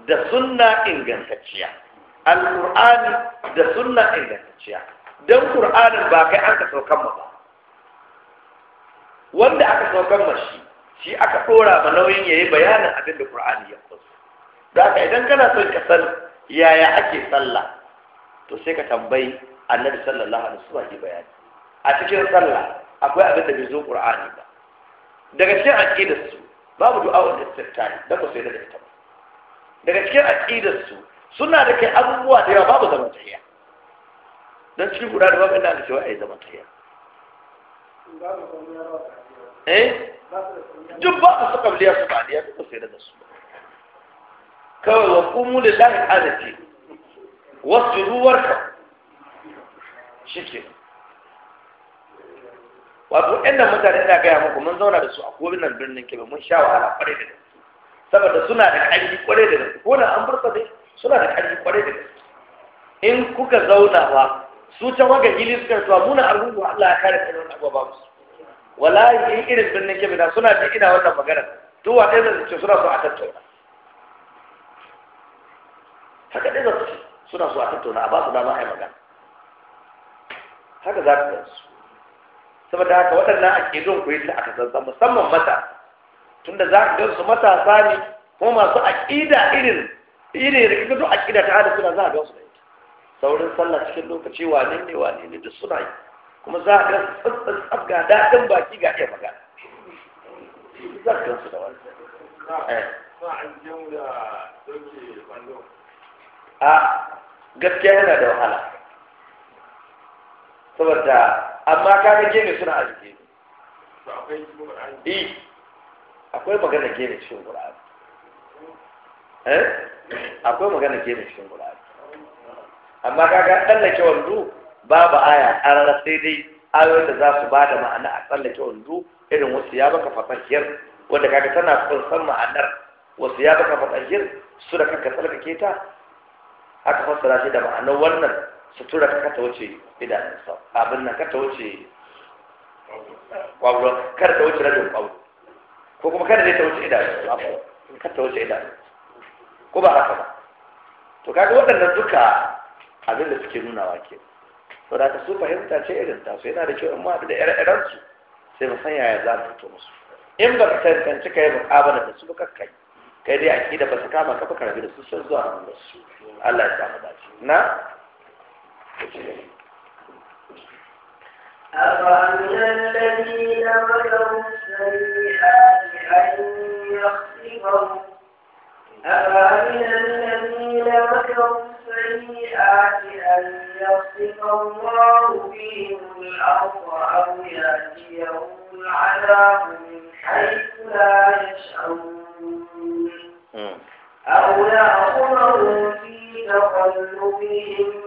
da sunna ingantacciya alqur'ani da sunna ingantacciya dan qur'anin ba kai an ka saukan ba wanda aka saukan ma shi shi aka dora ma nauyin yayi bayanin abin da qur'ani ya kusa da haka idan kana son ka san yaya ake sallah to sai ka tambayi annabi sallallahu alaihi wasallam bayani a cikin sallah akwai abin da bai zo qur'ani ba daga cikin aqidar su babu da tattali da ko sai da ita daga cikin aqidar su suna da kai abubuwa da yawa babu zaman tayya dan cikin guda da babu inda aka cewa ai zaman tayya eh duk ba su ya su da ko sai da su kawai wa qumu lillahi qanati wasjudu warka shikenan wato waɗannan mutane ina gaya muku mun zauna da su a gobe nan birnin kebe mun sha wahala kwarai da gaske saboda suna da ƙarfi kwarai da gaske ko da an bursa dai suna da ƙarfi kwarai da gaske in kuka zauna wa su ta waga gili suka a muna arhuhu Allah ya kare kai wannan abuwa babu wallahi in irin birnin kebe na suna da ina wannan magana to wa ɗaya zai ce suna so a tattauna haka ɗaya zai ce suna so a tattauna a ba su dama a yi magana haka za ka gansu saboda haka waɗannan aƙidun ku koyi su aka sassan musamman matasa tunda za ka gansu matasa ne kuma masu aƙida irin irin da kaga a aƙida ta hada suna za a gansu da ita saurin sallah cikin lokaci wane ne wane ne duk suna yi kuma za a gansu tsantsan tsabga ga daɗin baki ga iya magana za ka gansu da wani eh. a gaskiya yana da wahala saboda amma ga gene suna a jike eh akwai magana gene cikin qur'ani eh akwai magana gene eh? cikin qur'ani amma ga tsallake wando babu aya arara sai dai ayoyin da za su ba da ma'ana a tsallake wando irin wasu ya baka fatahiyar wanda kaga tana san ma'anar wasu ya baka fatahiyar su da kanka tsallake ta aka fassara shi da ma'anar wannan sutura ka ta wuce idanunsa abin nan ka ta wuce kwabulon kar ta wuce rabin kwabulon ko kuma kada da ta wuce idanunsa kar ta wuce idanunsa ko ba haka ba to kaga waɗannan duka abin da suke wa ke to da ka su fahimta ce irin ta su yana da kyau in ma da ire-iren su sai mu san yaya za mu fito musu in ba ka tantance kai mu'amala da su ba kai kai dai da ba su kama ka ba karbi da su sun zuwa nan da su Allah ya samu dace na أفأمن الذين مكروا السيئات أن يخسفهم أفأمن الذين مكروا السيئات أن يخسف الله بهم الأرض أو يأتيهم العذاب من حيث لا يشعرون أو يأخذهم في تقلبهم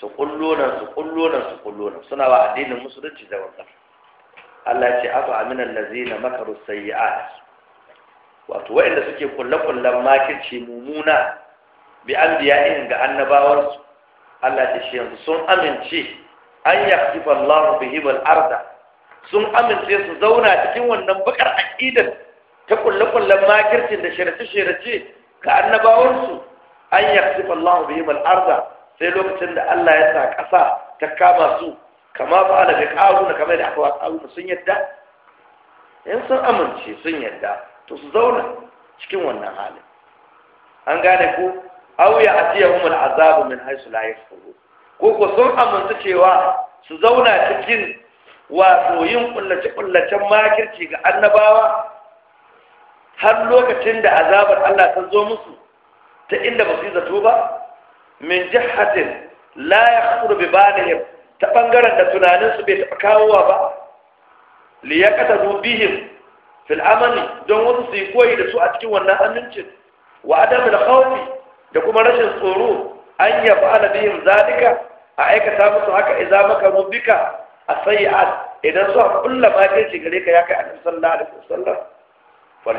su kullo nan su kullo su kullo suna ba addinin musulunci da wannan Allah ce afa amina allazina makaru sayyi'at wato waɗanda suke kullakullan makirci mumuna bi anbiya'in ga annabawar su Allah ce shi yanzu sun amince an yaqifa Allah bihi wal arda sun amince su zauna cikin wannan bakar aqidar ta kullakullan makircin da shirace shirace ga annabawar su an yaqifa Allah bihi wal arda sai lokacin da Allah ya sa ƙasa ta kama su kama da ƙaru na kamar da aka wa ƙaru sun yadda in sun amince sun yadda to su zauna cikin wannan halin an gane ko aw ya atiyahum azabu min haythu la yashurun ko ko sun amince cewa su zauna cikin wato yin kullace kullacen makirci ga annabawa har lokacin da azabar Allah ta zo musu ta inda ba su yi zato ba min jihatin la yakhuru bi balihim ta bangaren da tunanin su bai taɓa kawowa ba li yaqtadu bihim fil amali don wasu su koyi da su a cikin wannan amincin wa adam da khawfi da kuma rashin tsoro an ya fa'ala bihim zalika a aikata musu haka idza makaru bika asai'at idan su kulla ma kai shi gare ka ya kai annabi sallallahu alaihi wasallam fal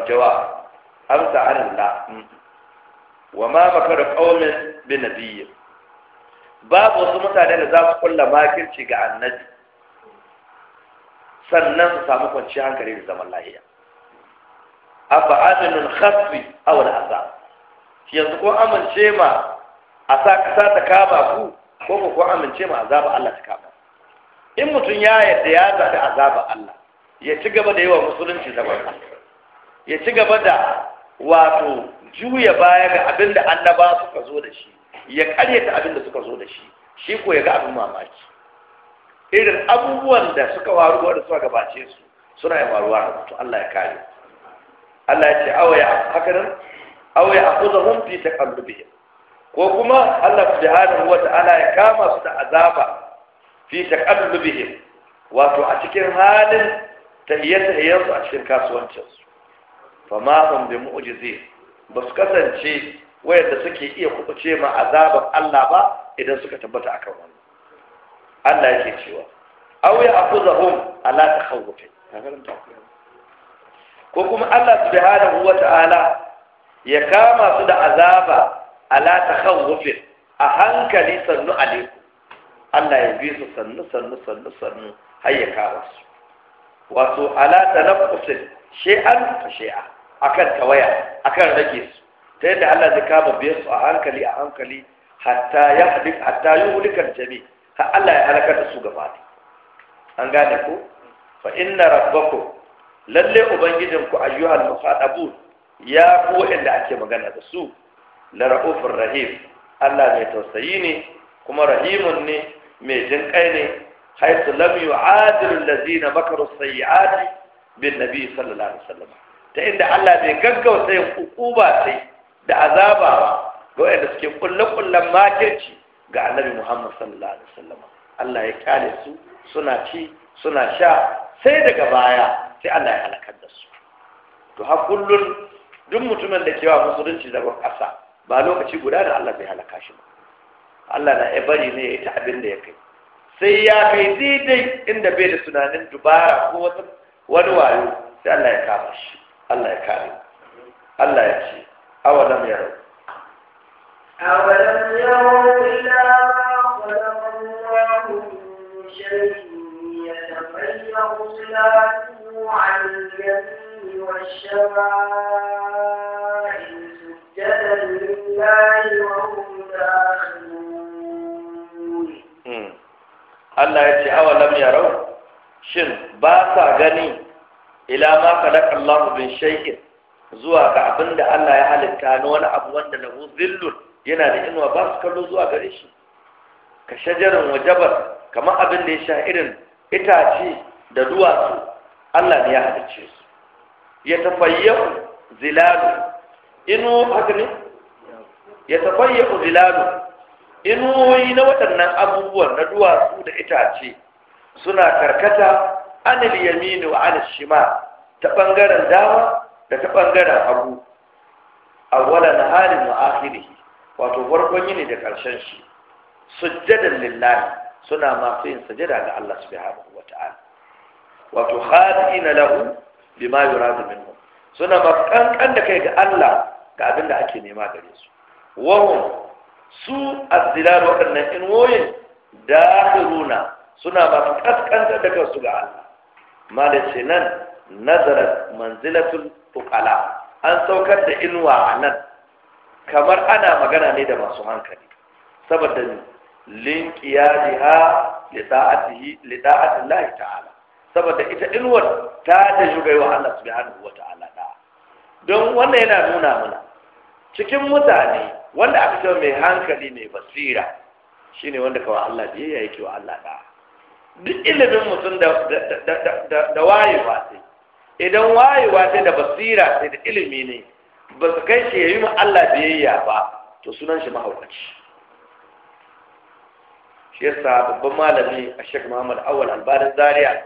amsa an wa ma makara qaumin bi nabiyyi babu wasu mutane da za su kulla makirci ga annabi sannan su samu kwanciyar hankali da zaman lahiya afa aminun khasbi aw al-azab yanzu ko amince ma a sa kasa ta kama ku ko ko amince ma azaba Allah ta kama in mutum ya yadda ya zaɓi azaba Allah ya ci gaba da yawa musulunci zaman ya ci gaba da wato juya baya ga abin da annaba suka zo da shi ya karyata abin da suka zo da shi shi ko ya ga abin mamaki irin abubuwan da suka waruwa da suka gabace su suna yin waruwa a mutu Allah ya kare Allah ya ce ya haka nan awaya akhuzahum fi taqallubihim ko kuma Allah subhanahu wa ta'ala ya kama su da azaba fi taqallubihim wato a cikin halin tahiyyatahiyyar su a cikin kasuwancinsu. su fa ma bi ba su kasance wayanda suke iya kubuce ma azabar Allah ba idan suka tabbata akan wannan Allah yake cewa aw ya akuzahum ala takhawuf ko kuma Allah subhanahu wata'ala ya kama su da azaba ala takhawuf a hankali sannu alaikum Allah ya bi su sannu sannu sannu sannu har ya kama su wato ala tanaffus shay'an fa shay'a akan tawaya akan rage su ta yadda Allah zai kama biye su a hankali a hankali hatta ya halik hatta yuhlikal jami har Allah ya halaka da su gaba ne an gane ku fa inna rabbakum lalle ubangijinku ayyuhal mukhadabun ya ku inda ake magana da su la raufur rahim Allah mai tausayi ne kuma rahimun ne mai jin kai ne haythu lam yu'adilu allazina makaru sayyi'ati bin nabi sallallahu alaihi wasallam ta inda Allah bai gaggauta yin sai da azaba ga suke suke kulle-kullen makirci ga annabi Muhammad sallallahu alaihi wasallam Allah ya kare su suna ci suna sha sai daga baya sai Allah ya halakar da su to har kullun duk mutumin da ke wa musulunci zagon ƙasa ba lokaci guda da Allah bai halaka shi ba Allah na ya bari ne ya ta abin da ya kai sai ya kai daidai inda bai da tunanin dubara ko wani wayo sai Allah ya kama shi Allah ya kare Allah ya ce أولم يروا أولم يروا إلا ما خلق الله من شيء يتغير صلاته عن اليمين والشمائل سجدا لله وهم داخلون Allah ya ce awalam yarau shin ba sa gani ila ma khalaqa Allah bin zuwa ga abin da Allah ya halitta na wani abu wanda na bu zillun yana da inuwa ba su kallo zuwa gare shi ka shajarin wajabar kamar abin da ya sha irin itace da duwatsu Allah ne ya halicce su ya tafayyahu zilalu inu haka ne ya tafayyahu zilalu inuwoyi na waɗannan abubuwan na duwatsu da itace suna karkata anil yamini wa anil shima ta ɓangaren dama da ta ɓangaren a awwala na halin wa wato farkon yini da ƙarshen shi sujjadar lillahi suna masu yin sajada ga Allah a wa ta'ala wato na lahu bima suna masu kankan da kai ga Allah ga abin da ake nema gare su wahun su zilar waɗannan inwoyin dakhiruna suna masu kaskantar da kansu ga Allah malice nan nazarar manzilatul uqala an saukar da inuwa a nan kamar ana magana ne da masu hankali saboda linkiya li da'atihi li ta'ala saboda ita inuwar ta da shugaiwa Allah subhanahu wa ta'ala da don wannan yana nuna mana cikin mutane wanda aka ce mai hankali mai basira shine wanda kawai Allah biyayya yake wa Allah da duk ilimin mutum da da wayewa sai idan wayewa sai da basira sai da ilimi ne ba su kai shi ya yi ma Allah biyayya ba to sunan shi mahaukaci shi yasa babban malami a shek muhammad awal albarin Zariya,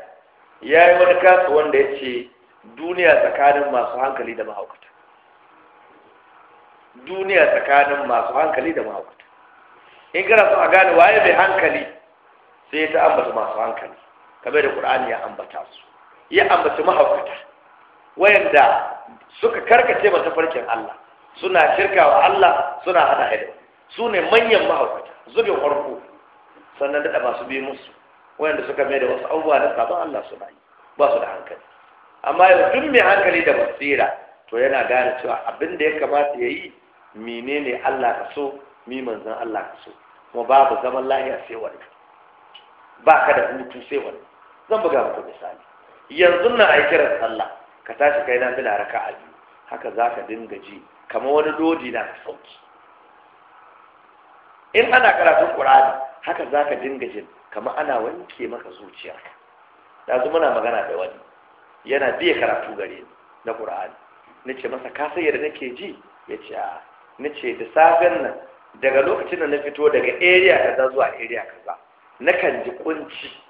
ya yi wani kasu wanda ya ce duniya tsakanin masu hankali da mahaukata duniya tsakanin masu hankali da mahaukata in kana su a gane waye mai hankali sai ta ambata masu hankali kamar da qur'ani ya ambata su ya ambaci mahaukata wayanda suka karkace masa farkin Allah suna shirka wa Allah suna hada hada su ne manyan mahaukata zubin farko sannan da masu bi musu wayanda suka mai da wasu abubuwa da sabon Allah suna yi ba su da hankali amma yau duk mai hankali da basira to yana gane cewa abin da ya kamata ya yi menene Allah ka so mi manzon Allah ka so kuma babu zaman lahiya sai wani ba ka da hutu sai wani zan buga muku misali yanzu na a yi kiran sallah ka tashi kai na fila raka a biyu haka za ka dinga ji kama wani lodi na ka sauki in ana karatun ƙur'ani haka za ka dinga jin kama ana wanke maka zuciya zuciyarka zuma muna magana da wani yana biya karatu gare ni na ƙur'ani na ce masa ka sayar nake ji ya ce a na ce da safen nan daga lokacin da na fito daga area kaza zuwa area kaza na kan ji kunci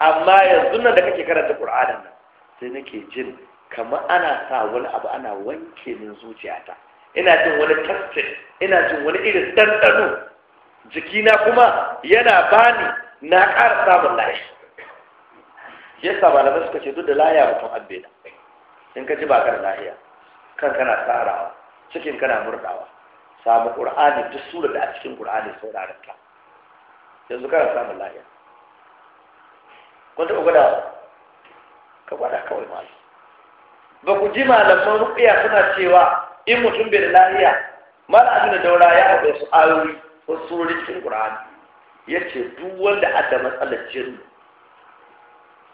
amma yanzu nan da kake karanta qur'anin nan sai nake jin kamar ana sa wani abu ana wanke min zuciyata ina jin wani tafsir ina jin wani irin dandano jikina kuma yana bani na ƙara samun layi yasa malamai suka ce duk da laya mutum abbe da in ka ji ba ka da lahiya kan kana tsarawa cikin kana murɗawa samu ƙur'ani duk sura da a cikin ƙur'ani sauraron ta yanzu kana samun lahiya kun taɓa gwada ka gwada kawai malam ba ku ji malaman rukiya suna cewa in mutum bai da lahiya mala abin da daura ya da su ayoyi wasu surori cikin qur'ani ya ce duk wanda da matsalar jinnu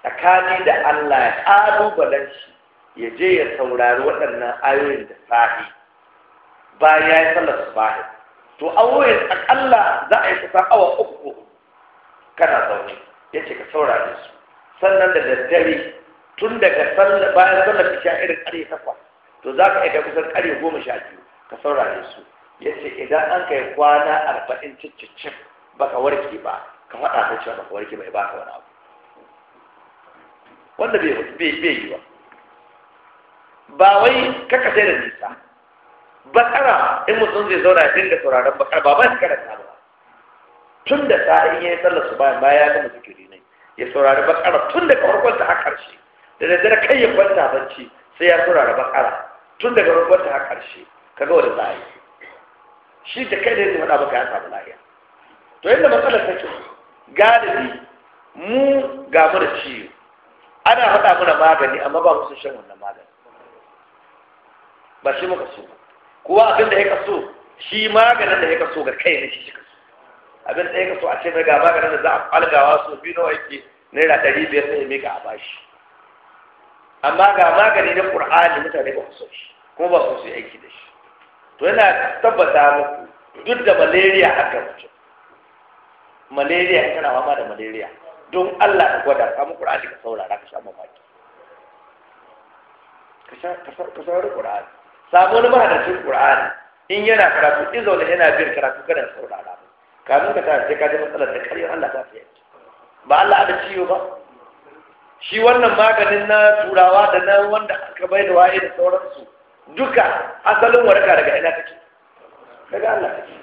tsakani da allah ya ƙalubalen shi ya je ya saurari waɗannan ayoyin da sahi bayan ya yi sallar subahi to awoyin akalla za a yi kusan awa uku kana zaune ya ce ka saurare su sannan da daddare tun daga sallar bayan sallar isha irin ƙarfe takwas to za ka iya kusan ƙarfe goma sha biyu ka saurare su ya ce idan an kai kwana arba'in cicicin baka warke ba ka faɗa ta cewa baka warke bai baka wani abu wanda bai yi ba ba wai kaka sai da nisa bakara in mutum zai zauna ya dinga sauraron bakara ba ba su karanta ba tun da sa'in ya yi sallar su bayan baya ya gama zikiri ya saurari bakara tun daga farkon ta har karshe da dare kai ya kwanta bacci sai ya saurari bakara tun daga farkon ta har karshe kaga wani za shi da kai da zai faɗa baka ya samu lafiya to yadda matsalar take galibi mu ga mu da ciwo ana faɗa mana magani amma ba mu sun shan wannan magani ba shi muka so Kuwa abin da ya kaso shi maganin da ya kaso ga kai ne shi shi abin da ya so a ce mai gaba ga da za a falgawa su biyu nawa yake naira ɗari biyar sai ya mika a bashi amma ga magani na ƙur'ani mutane ba su so shi kuma ba su su aiki da shi to yana tabbata muku duk da malaria haka mutum malaria tana fama da malaria don Allah ka gwada ka mu Qur'ani ka saurara ka sha mamaki ka sha ka saurari Qur'ani samu wani mahadacin Qur'ani in yana karatu in zaune yana bin karatu kada saurara ba kafin ka tashi sai ka ji matsalar da karyar Allah ta fiye ba Allah da ciwo ba shi wannan maganin na turawa da na wanda aka bai da waye da sauransu duka asalin waraka daga ina take daga Allah take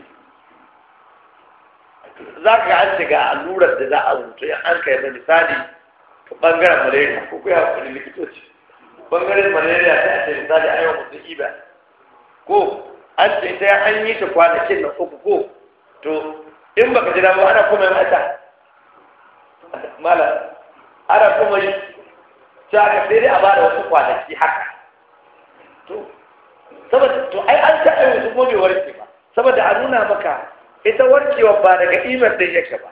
za ka ga an shiga allurar da za a rubuta ya an kai misali bangaren malaria ko kuya ya kuri likitoci bangaren malaria ta ce misali a yau mutum iba ko an ce ta an yi ta kwanakin na uku ko to in baka jira ba ana kuma yin aita mala ana kuma yi ta ka sai dai a ba da wasu kwanaki haka to saboda to ai an taɓa wasu kuma warke ba saboda a nuna maka ita warkewa ba daga imar da yake ba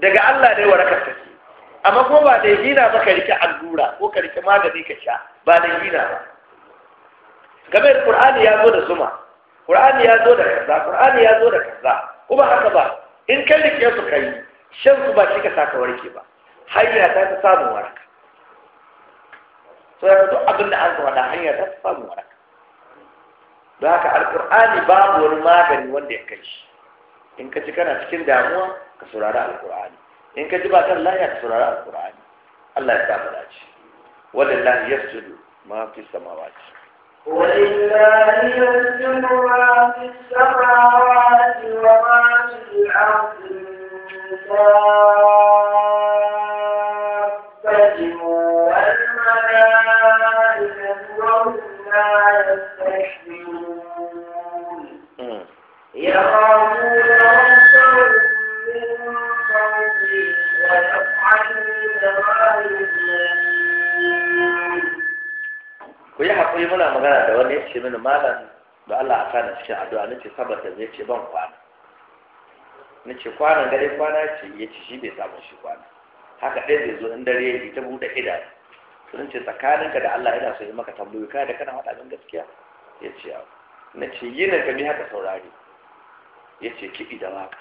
daga Allah dai warakar ce. amma kuma ba dai gina ba ka rike allura ko ka rike magani ka sha ba dai gina ba game da Qur'ani ya zo da zuma qur'ani ya zo da kaza ƙur'ani ya zo da kaza kuma haka ba in kan rike su kai shan su ba shi ka saka warke ba hanya ta ta samu waraka so ya fito abin da an da hanya ta ta samu waraka don haka alkur'ani babu wani magani wanda ya kai shi in ka ji kana cikin damuwa ka saurari alkur'ani in ka ji ba kan lafiya ka saurari alkur'ani Allah ya samu dace wallahi yasjudu ma fi samawati ولله يسجد ما في السماوات وما في الأرض من دابة والملائكة وهم لا يستكبرون يخافون ربهم من فوقهم ku yi haƙuri muna magana da wani ya ce mini malam da Allah a kana cikin addu'a nace saboda zai ce ban kwana nace kwanan gare kwana ce ya ce shi bai samu shi kwana haka ɗaya zai zo in dare ya yi ta buɗe idanu sun ce tsakaninka da Allah ina so yi maka tambayoyi Kana da kana faɗa min gaskiya ya ce na ce yi ka bi haka saurari ya ce kiɗi da waka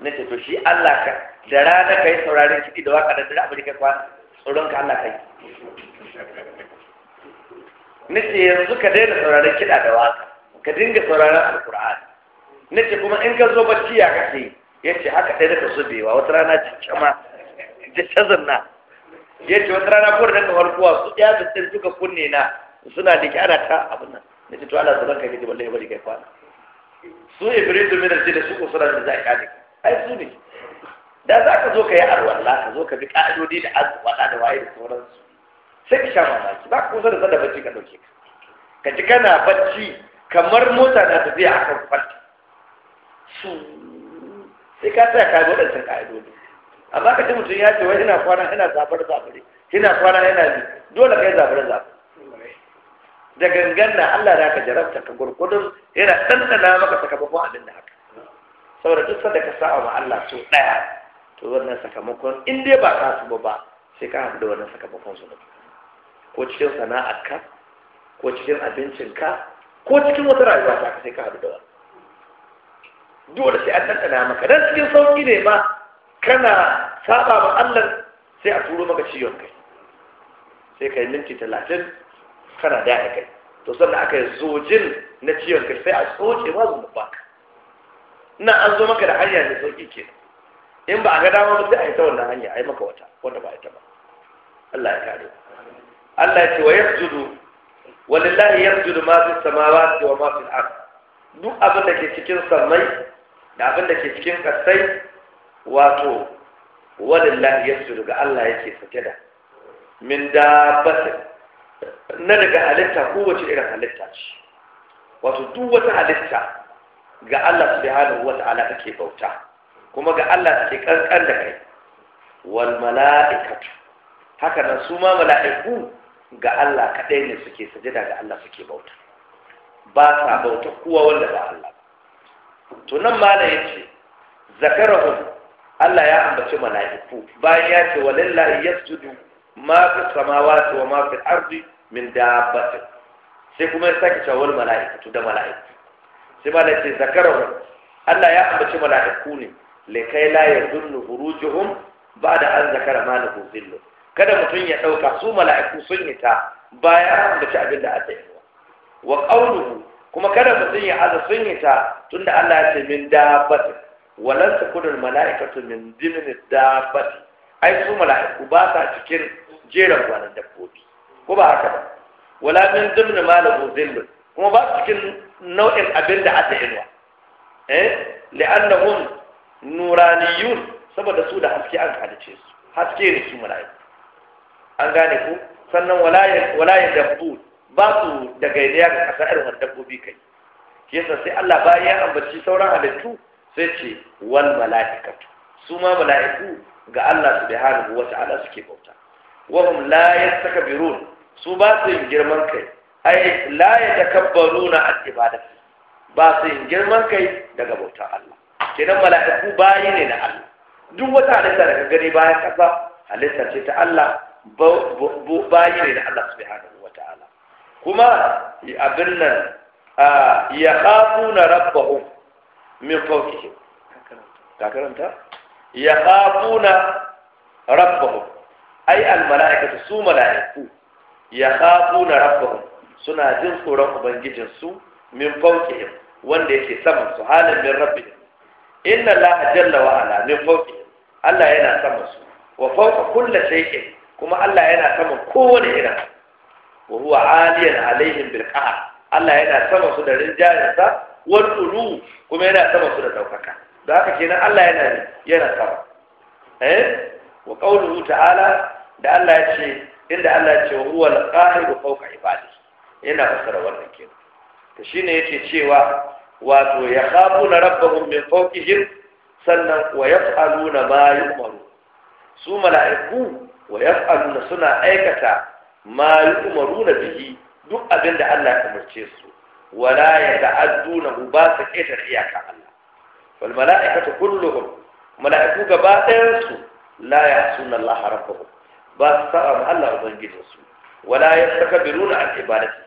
na ce to shi Allah ka da rana ka yi saurarin kiɗi da waka da dare abin da ka kwana tsoron ka Allah ka yi nace yanzu ka daina sauraron kiɗa da waka ka dinga sauraron alkur'ani nace kuma in ka zo bacci ya kake ce haka ɗaya da yawa. wata rana cikama da Ya ce wata rana ko da daga harkuwa su ɗaya da tsin suka kunne na suna da ki ana ta abin nan nace to Allah sabanka kaje wallahi bari kai kwana su ibridu min da su suna da zai kade ai su ne da za ka zo ka yi arwalla ka zo ka bi ƙa'idodi da azuwa da waye da sauransu sai ka sha mamaki ba ku kusa da sanda bacci ka ɗauke ka ka ji kana bacci kamar mota na tafiya a kan kwalta su sai ka tsaya ka zo ɗansan ka'idodi amma ka ji mutum ya ce wai ina kwana ina zabar zabare ina kwana ina ne dole ka yi zabar zabare da gangan na Allah na ka jarabta ka gurgudun yana ɗanɗana maka sakamakon abin da haka saboda duk sanda ka sa'a ma Allah so ɗaya to wannan sakamakon in dai ba ka su ba sai ka haɗu da wannan sakamakon su ba ko cikin sana'arka ko cikin abincinka ko cikin wata rayuwa ta ka sai ka haɗu da wani dole sai an ɗanɗana maka dan cikin sauƙi ne ma kana saba ma Allah sai a turo maka ciwon kai sai kai minti talatin kana daɗa kai to sannan aka yi zojin na ciwon kai sai a soke ma zuwa baka na an zo maka da hanya ne sauƙi ke in ba a ga dama ba sai a yi ta wannan hanya a yi maka wata wanda ba a yi ta ba Allah ya kare Allah ya ce wa yasjudu walillahi yasjudu ma fi samawati wa ma fi al-ard duk abin da ke cikin sammai da abin da ke cikin kasai wato walillahi yasjudu ga Allah yake sujada min dabbatin na daga halitta ko wace irin halitta ce wato duk wata halitta ga Allah subhanahu wata'ala kake bauta kuma ga Allah take kankan da kai wal mala'ikatu haka nan su ma mala'iku ga Allah kaɗai ne suke sajada ga Allah suke bauta ba sa bauta kowa wanda ba Allah to nan malam yace zakarahum Allah ya ambaci mala'iku bayan ya ce walillahi yasjudu ma fi samawati wa ma fi ardi min dabbatin sai kuma ya sake cewa mala'iku to da mala'iku sai ma ce zakarahum Allah ya ambaci mala'iku ne lekai la yadunnu hurujuhum da an zakara ma lahu kada mutum ya ɗauka su mala'iku sun yi ta baya da ci abin da aka yi wa ƙaunuhu kuma kada mutum ya aza sun yi ta tunda Allah ya ce min dabbati walan takudul mala'ikatu min dimni dabbati ai su mala'iku ba sa cikin jeran gwanin dabbobi ko ba haka ba wala min dimni malahu zillu kuma ba cikin nau'in abin da aka yi eh li'annahum nuraniyun saboda su da haske an kalice su haske ne su mala'iku an gane ku sannan wala ya dabbu ba su da gaidaya ga kasa irin wani dabbobi kai Ke yasa sai Allah ba ya ambaci sauran halittu sai ce wal mala'ikatu su ma mala'iku ga Allah su subhanahu wa ta'ala suke bauta wa hum la yastakbirun su ba su yin girman kai ai la yatakabbaruna an ibadati ba su yin girman kai daga bautar Allah kenan mala'iku bayi ne na Allah duk wata halitta daga ka gani bayan kasa halitta ce ta Allah bayi ne da Allah subhanahu wa ta'ala kuma abin nan ya khafuna rabba'un min fauki ka karanta ya khafuna rabba'un, ai al mala'ikatu su mala'iku ya khafuna rabba'un, suna jin tsoron ubangijinsu min fawqihim wanda yake saman su halin min rabbi inna allaha jalla wa ala min fawqihim Allah yana saman su wa fauka kulla shaikin kuma Allah yana saman kowane ira. wa huwa aliyan alaihim bil Allah yana saman su da rinjayen sa wal ulu kuma yana saman su da daukaka da haka kenan Allah yana yana sama eh wa qawluhu ta'ala da Allah ya ce inda Allah ya ce wa huwa al qahir fawqa ibadi yana da wannan kenan to shine yake cewa wato ya khafuna rabbahum min fawqihim sannan wa yaf'aluna ma yu'maru su mala'iku wa yaf'aluna suna aikata ma yu'maruna bihi duk abin da Allah ya umarce su wala yata'addunahu ba su ƙetar iyaka Allah wal mala'ikatu kulluhum mala'iku gaba ɗayan su la ya'suna Allah rabbahum ba su sa'a ma Allah ubangijin su wala yastakbiruna an ibadati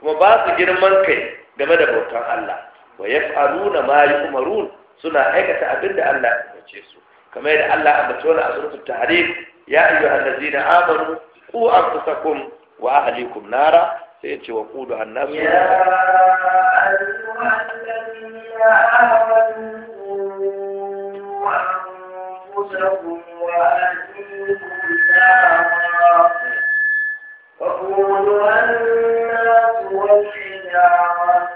kuma ba su girman kai game da bautan Allah wa yaf'aluna ma yu'marun suna aikata abin da Allah ya umarce su kamar yadda Allah ya mace wani a surutu tahrim يا أيها الذين آمنوا قوا أنفسكم وأهليكم نارا سيأتي وقودها الناس يا أيها الذين آمنوا أنفسكم وأهليكم نارا وقودها الناس والحجارة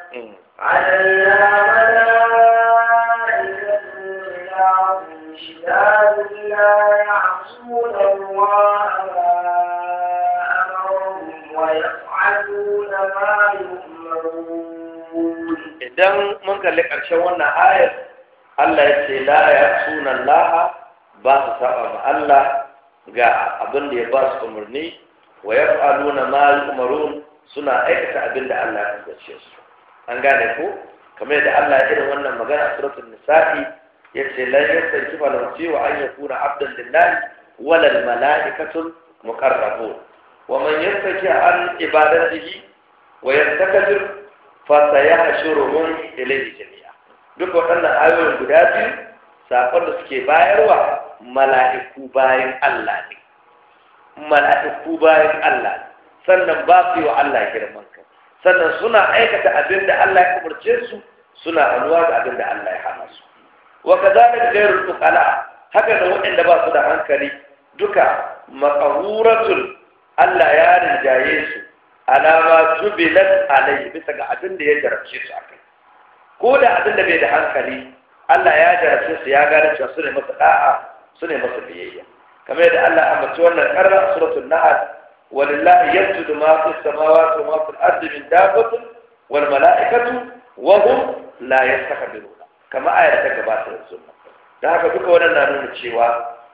عليها ملائكة idan mun kalli ƙarshen wannan ayar Allah ya ce la ya suna Allah ba su saba ma Allah ga abin da ya ba su umarni wa na mali yu'marun suna aikata abin da Allah ya umarce su an gane ko kamar yadda Allah ya irin wannan magana a suratul nisa'i ce la yastankifu al-wasi wa an ya kuna abdan lillahi wala al muqarrabun wa man yastaki an ibadatihi wa yastakbir fa sayahshuruhum ilayhi jami'a duk waɗannan ayoyin guda biyu sakon da suke bayarwa mala'iku bayan Allah ne mala'iku bayan Allah ne sannan ba su yi wa Allah girman kai sannan suna aikata abin da Allah ya umarce su suna hannuwa da abin da Allah ya hana su wa kadhalika ghayrul uqala haka da waɗanda ba su da hankali duka maqahuratun Allah ya rinjaye su alama jubilat alayhi bisa ga abin da ya jarabce su akai ko da abin da bai da hankali Allah ya jarabce su ya gane cewa su ne masa da'a su ne masa biyayya kamar yadda Allah ambaci wannan karra suratul nahl walillahi yajudu ma fi samawati wa ma al ardi min dabbatin wal malaikatu wa hum la yastakbiruna kama ayar ta gabata da sunna da haka duka wannan na nuna cewa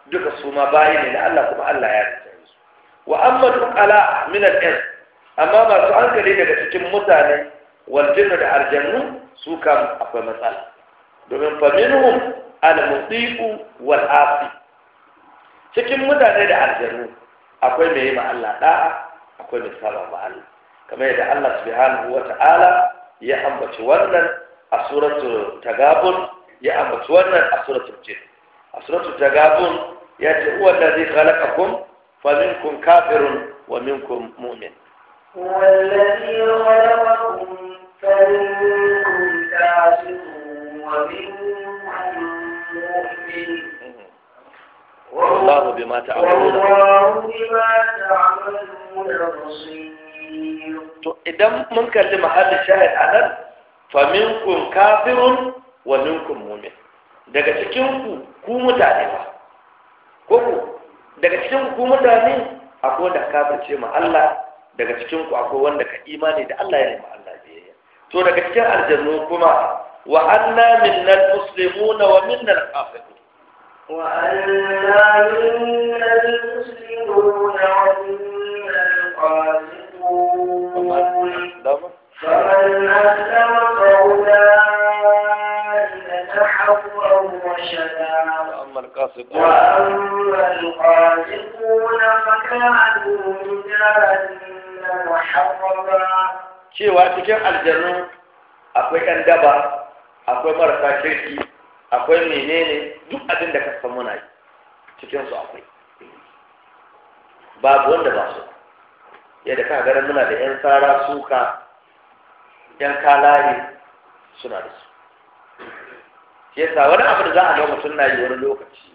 duka su ma bayi ne na Allah kuma Allah ya tsare su wa amma ala min al-ins amma masu hankali daga cikin mutane waljinnu da aljannu su kam akwai matsala domin fa minhum al wal asi cikin mutane da aljannu akwai mai yi ma Allah da'a akwai mai saba ma Allah kamar yadda Allah subhanahu ta'ala ya ambaci wannan a suratul tagabun ya ambaci wannan a suratul jin a suratul tagabun ya ce huwa allazi khalaqakum fa minkum kafirun wa minkum mu'min والله بما تعملون والله بما تعملون بصير to idan mun kalli mahallin shahid a nan wa daga cikin ku ku mutane ba ko daga cikin ku mutane akwai da kafirce ma Allah daga cikin ku akwai wanda ka imani da Allah ya nemi Allah biyayya to daga cikin aljannu kuma wa anna minna almuslimuna wa minna al-kafirun wa anna minna almuslimuna wa minna alqafirun faman aslama faulai وأما القاسطون وأما القاسطون جهنم حطبا cewa cikin aljanu, akwai ɗan daba akwai marasa kirki akwai menene duk abin da ka san muna yi cikin su akwai babu wanda ba su yadda ka ganin muna da 'yan tsara suka 'yan kalari suna da su shi yasa wani abu da za a ga mutum na yi wani lokaci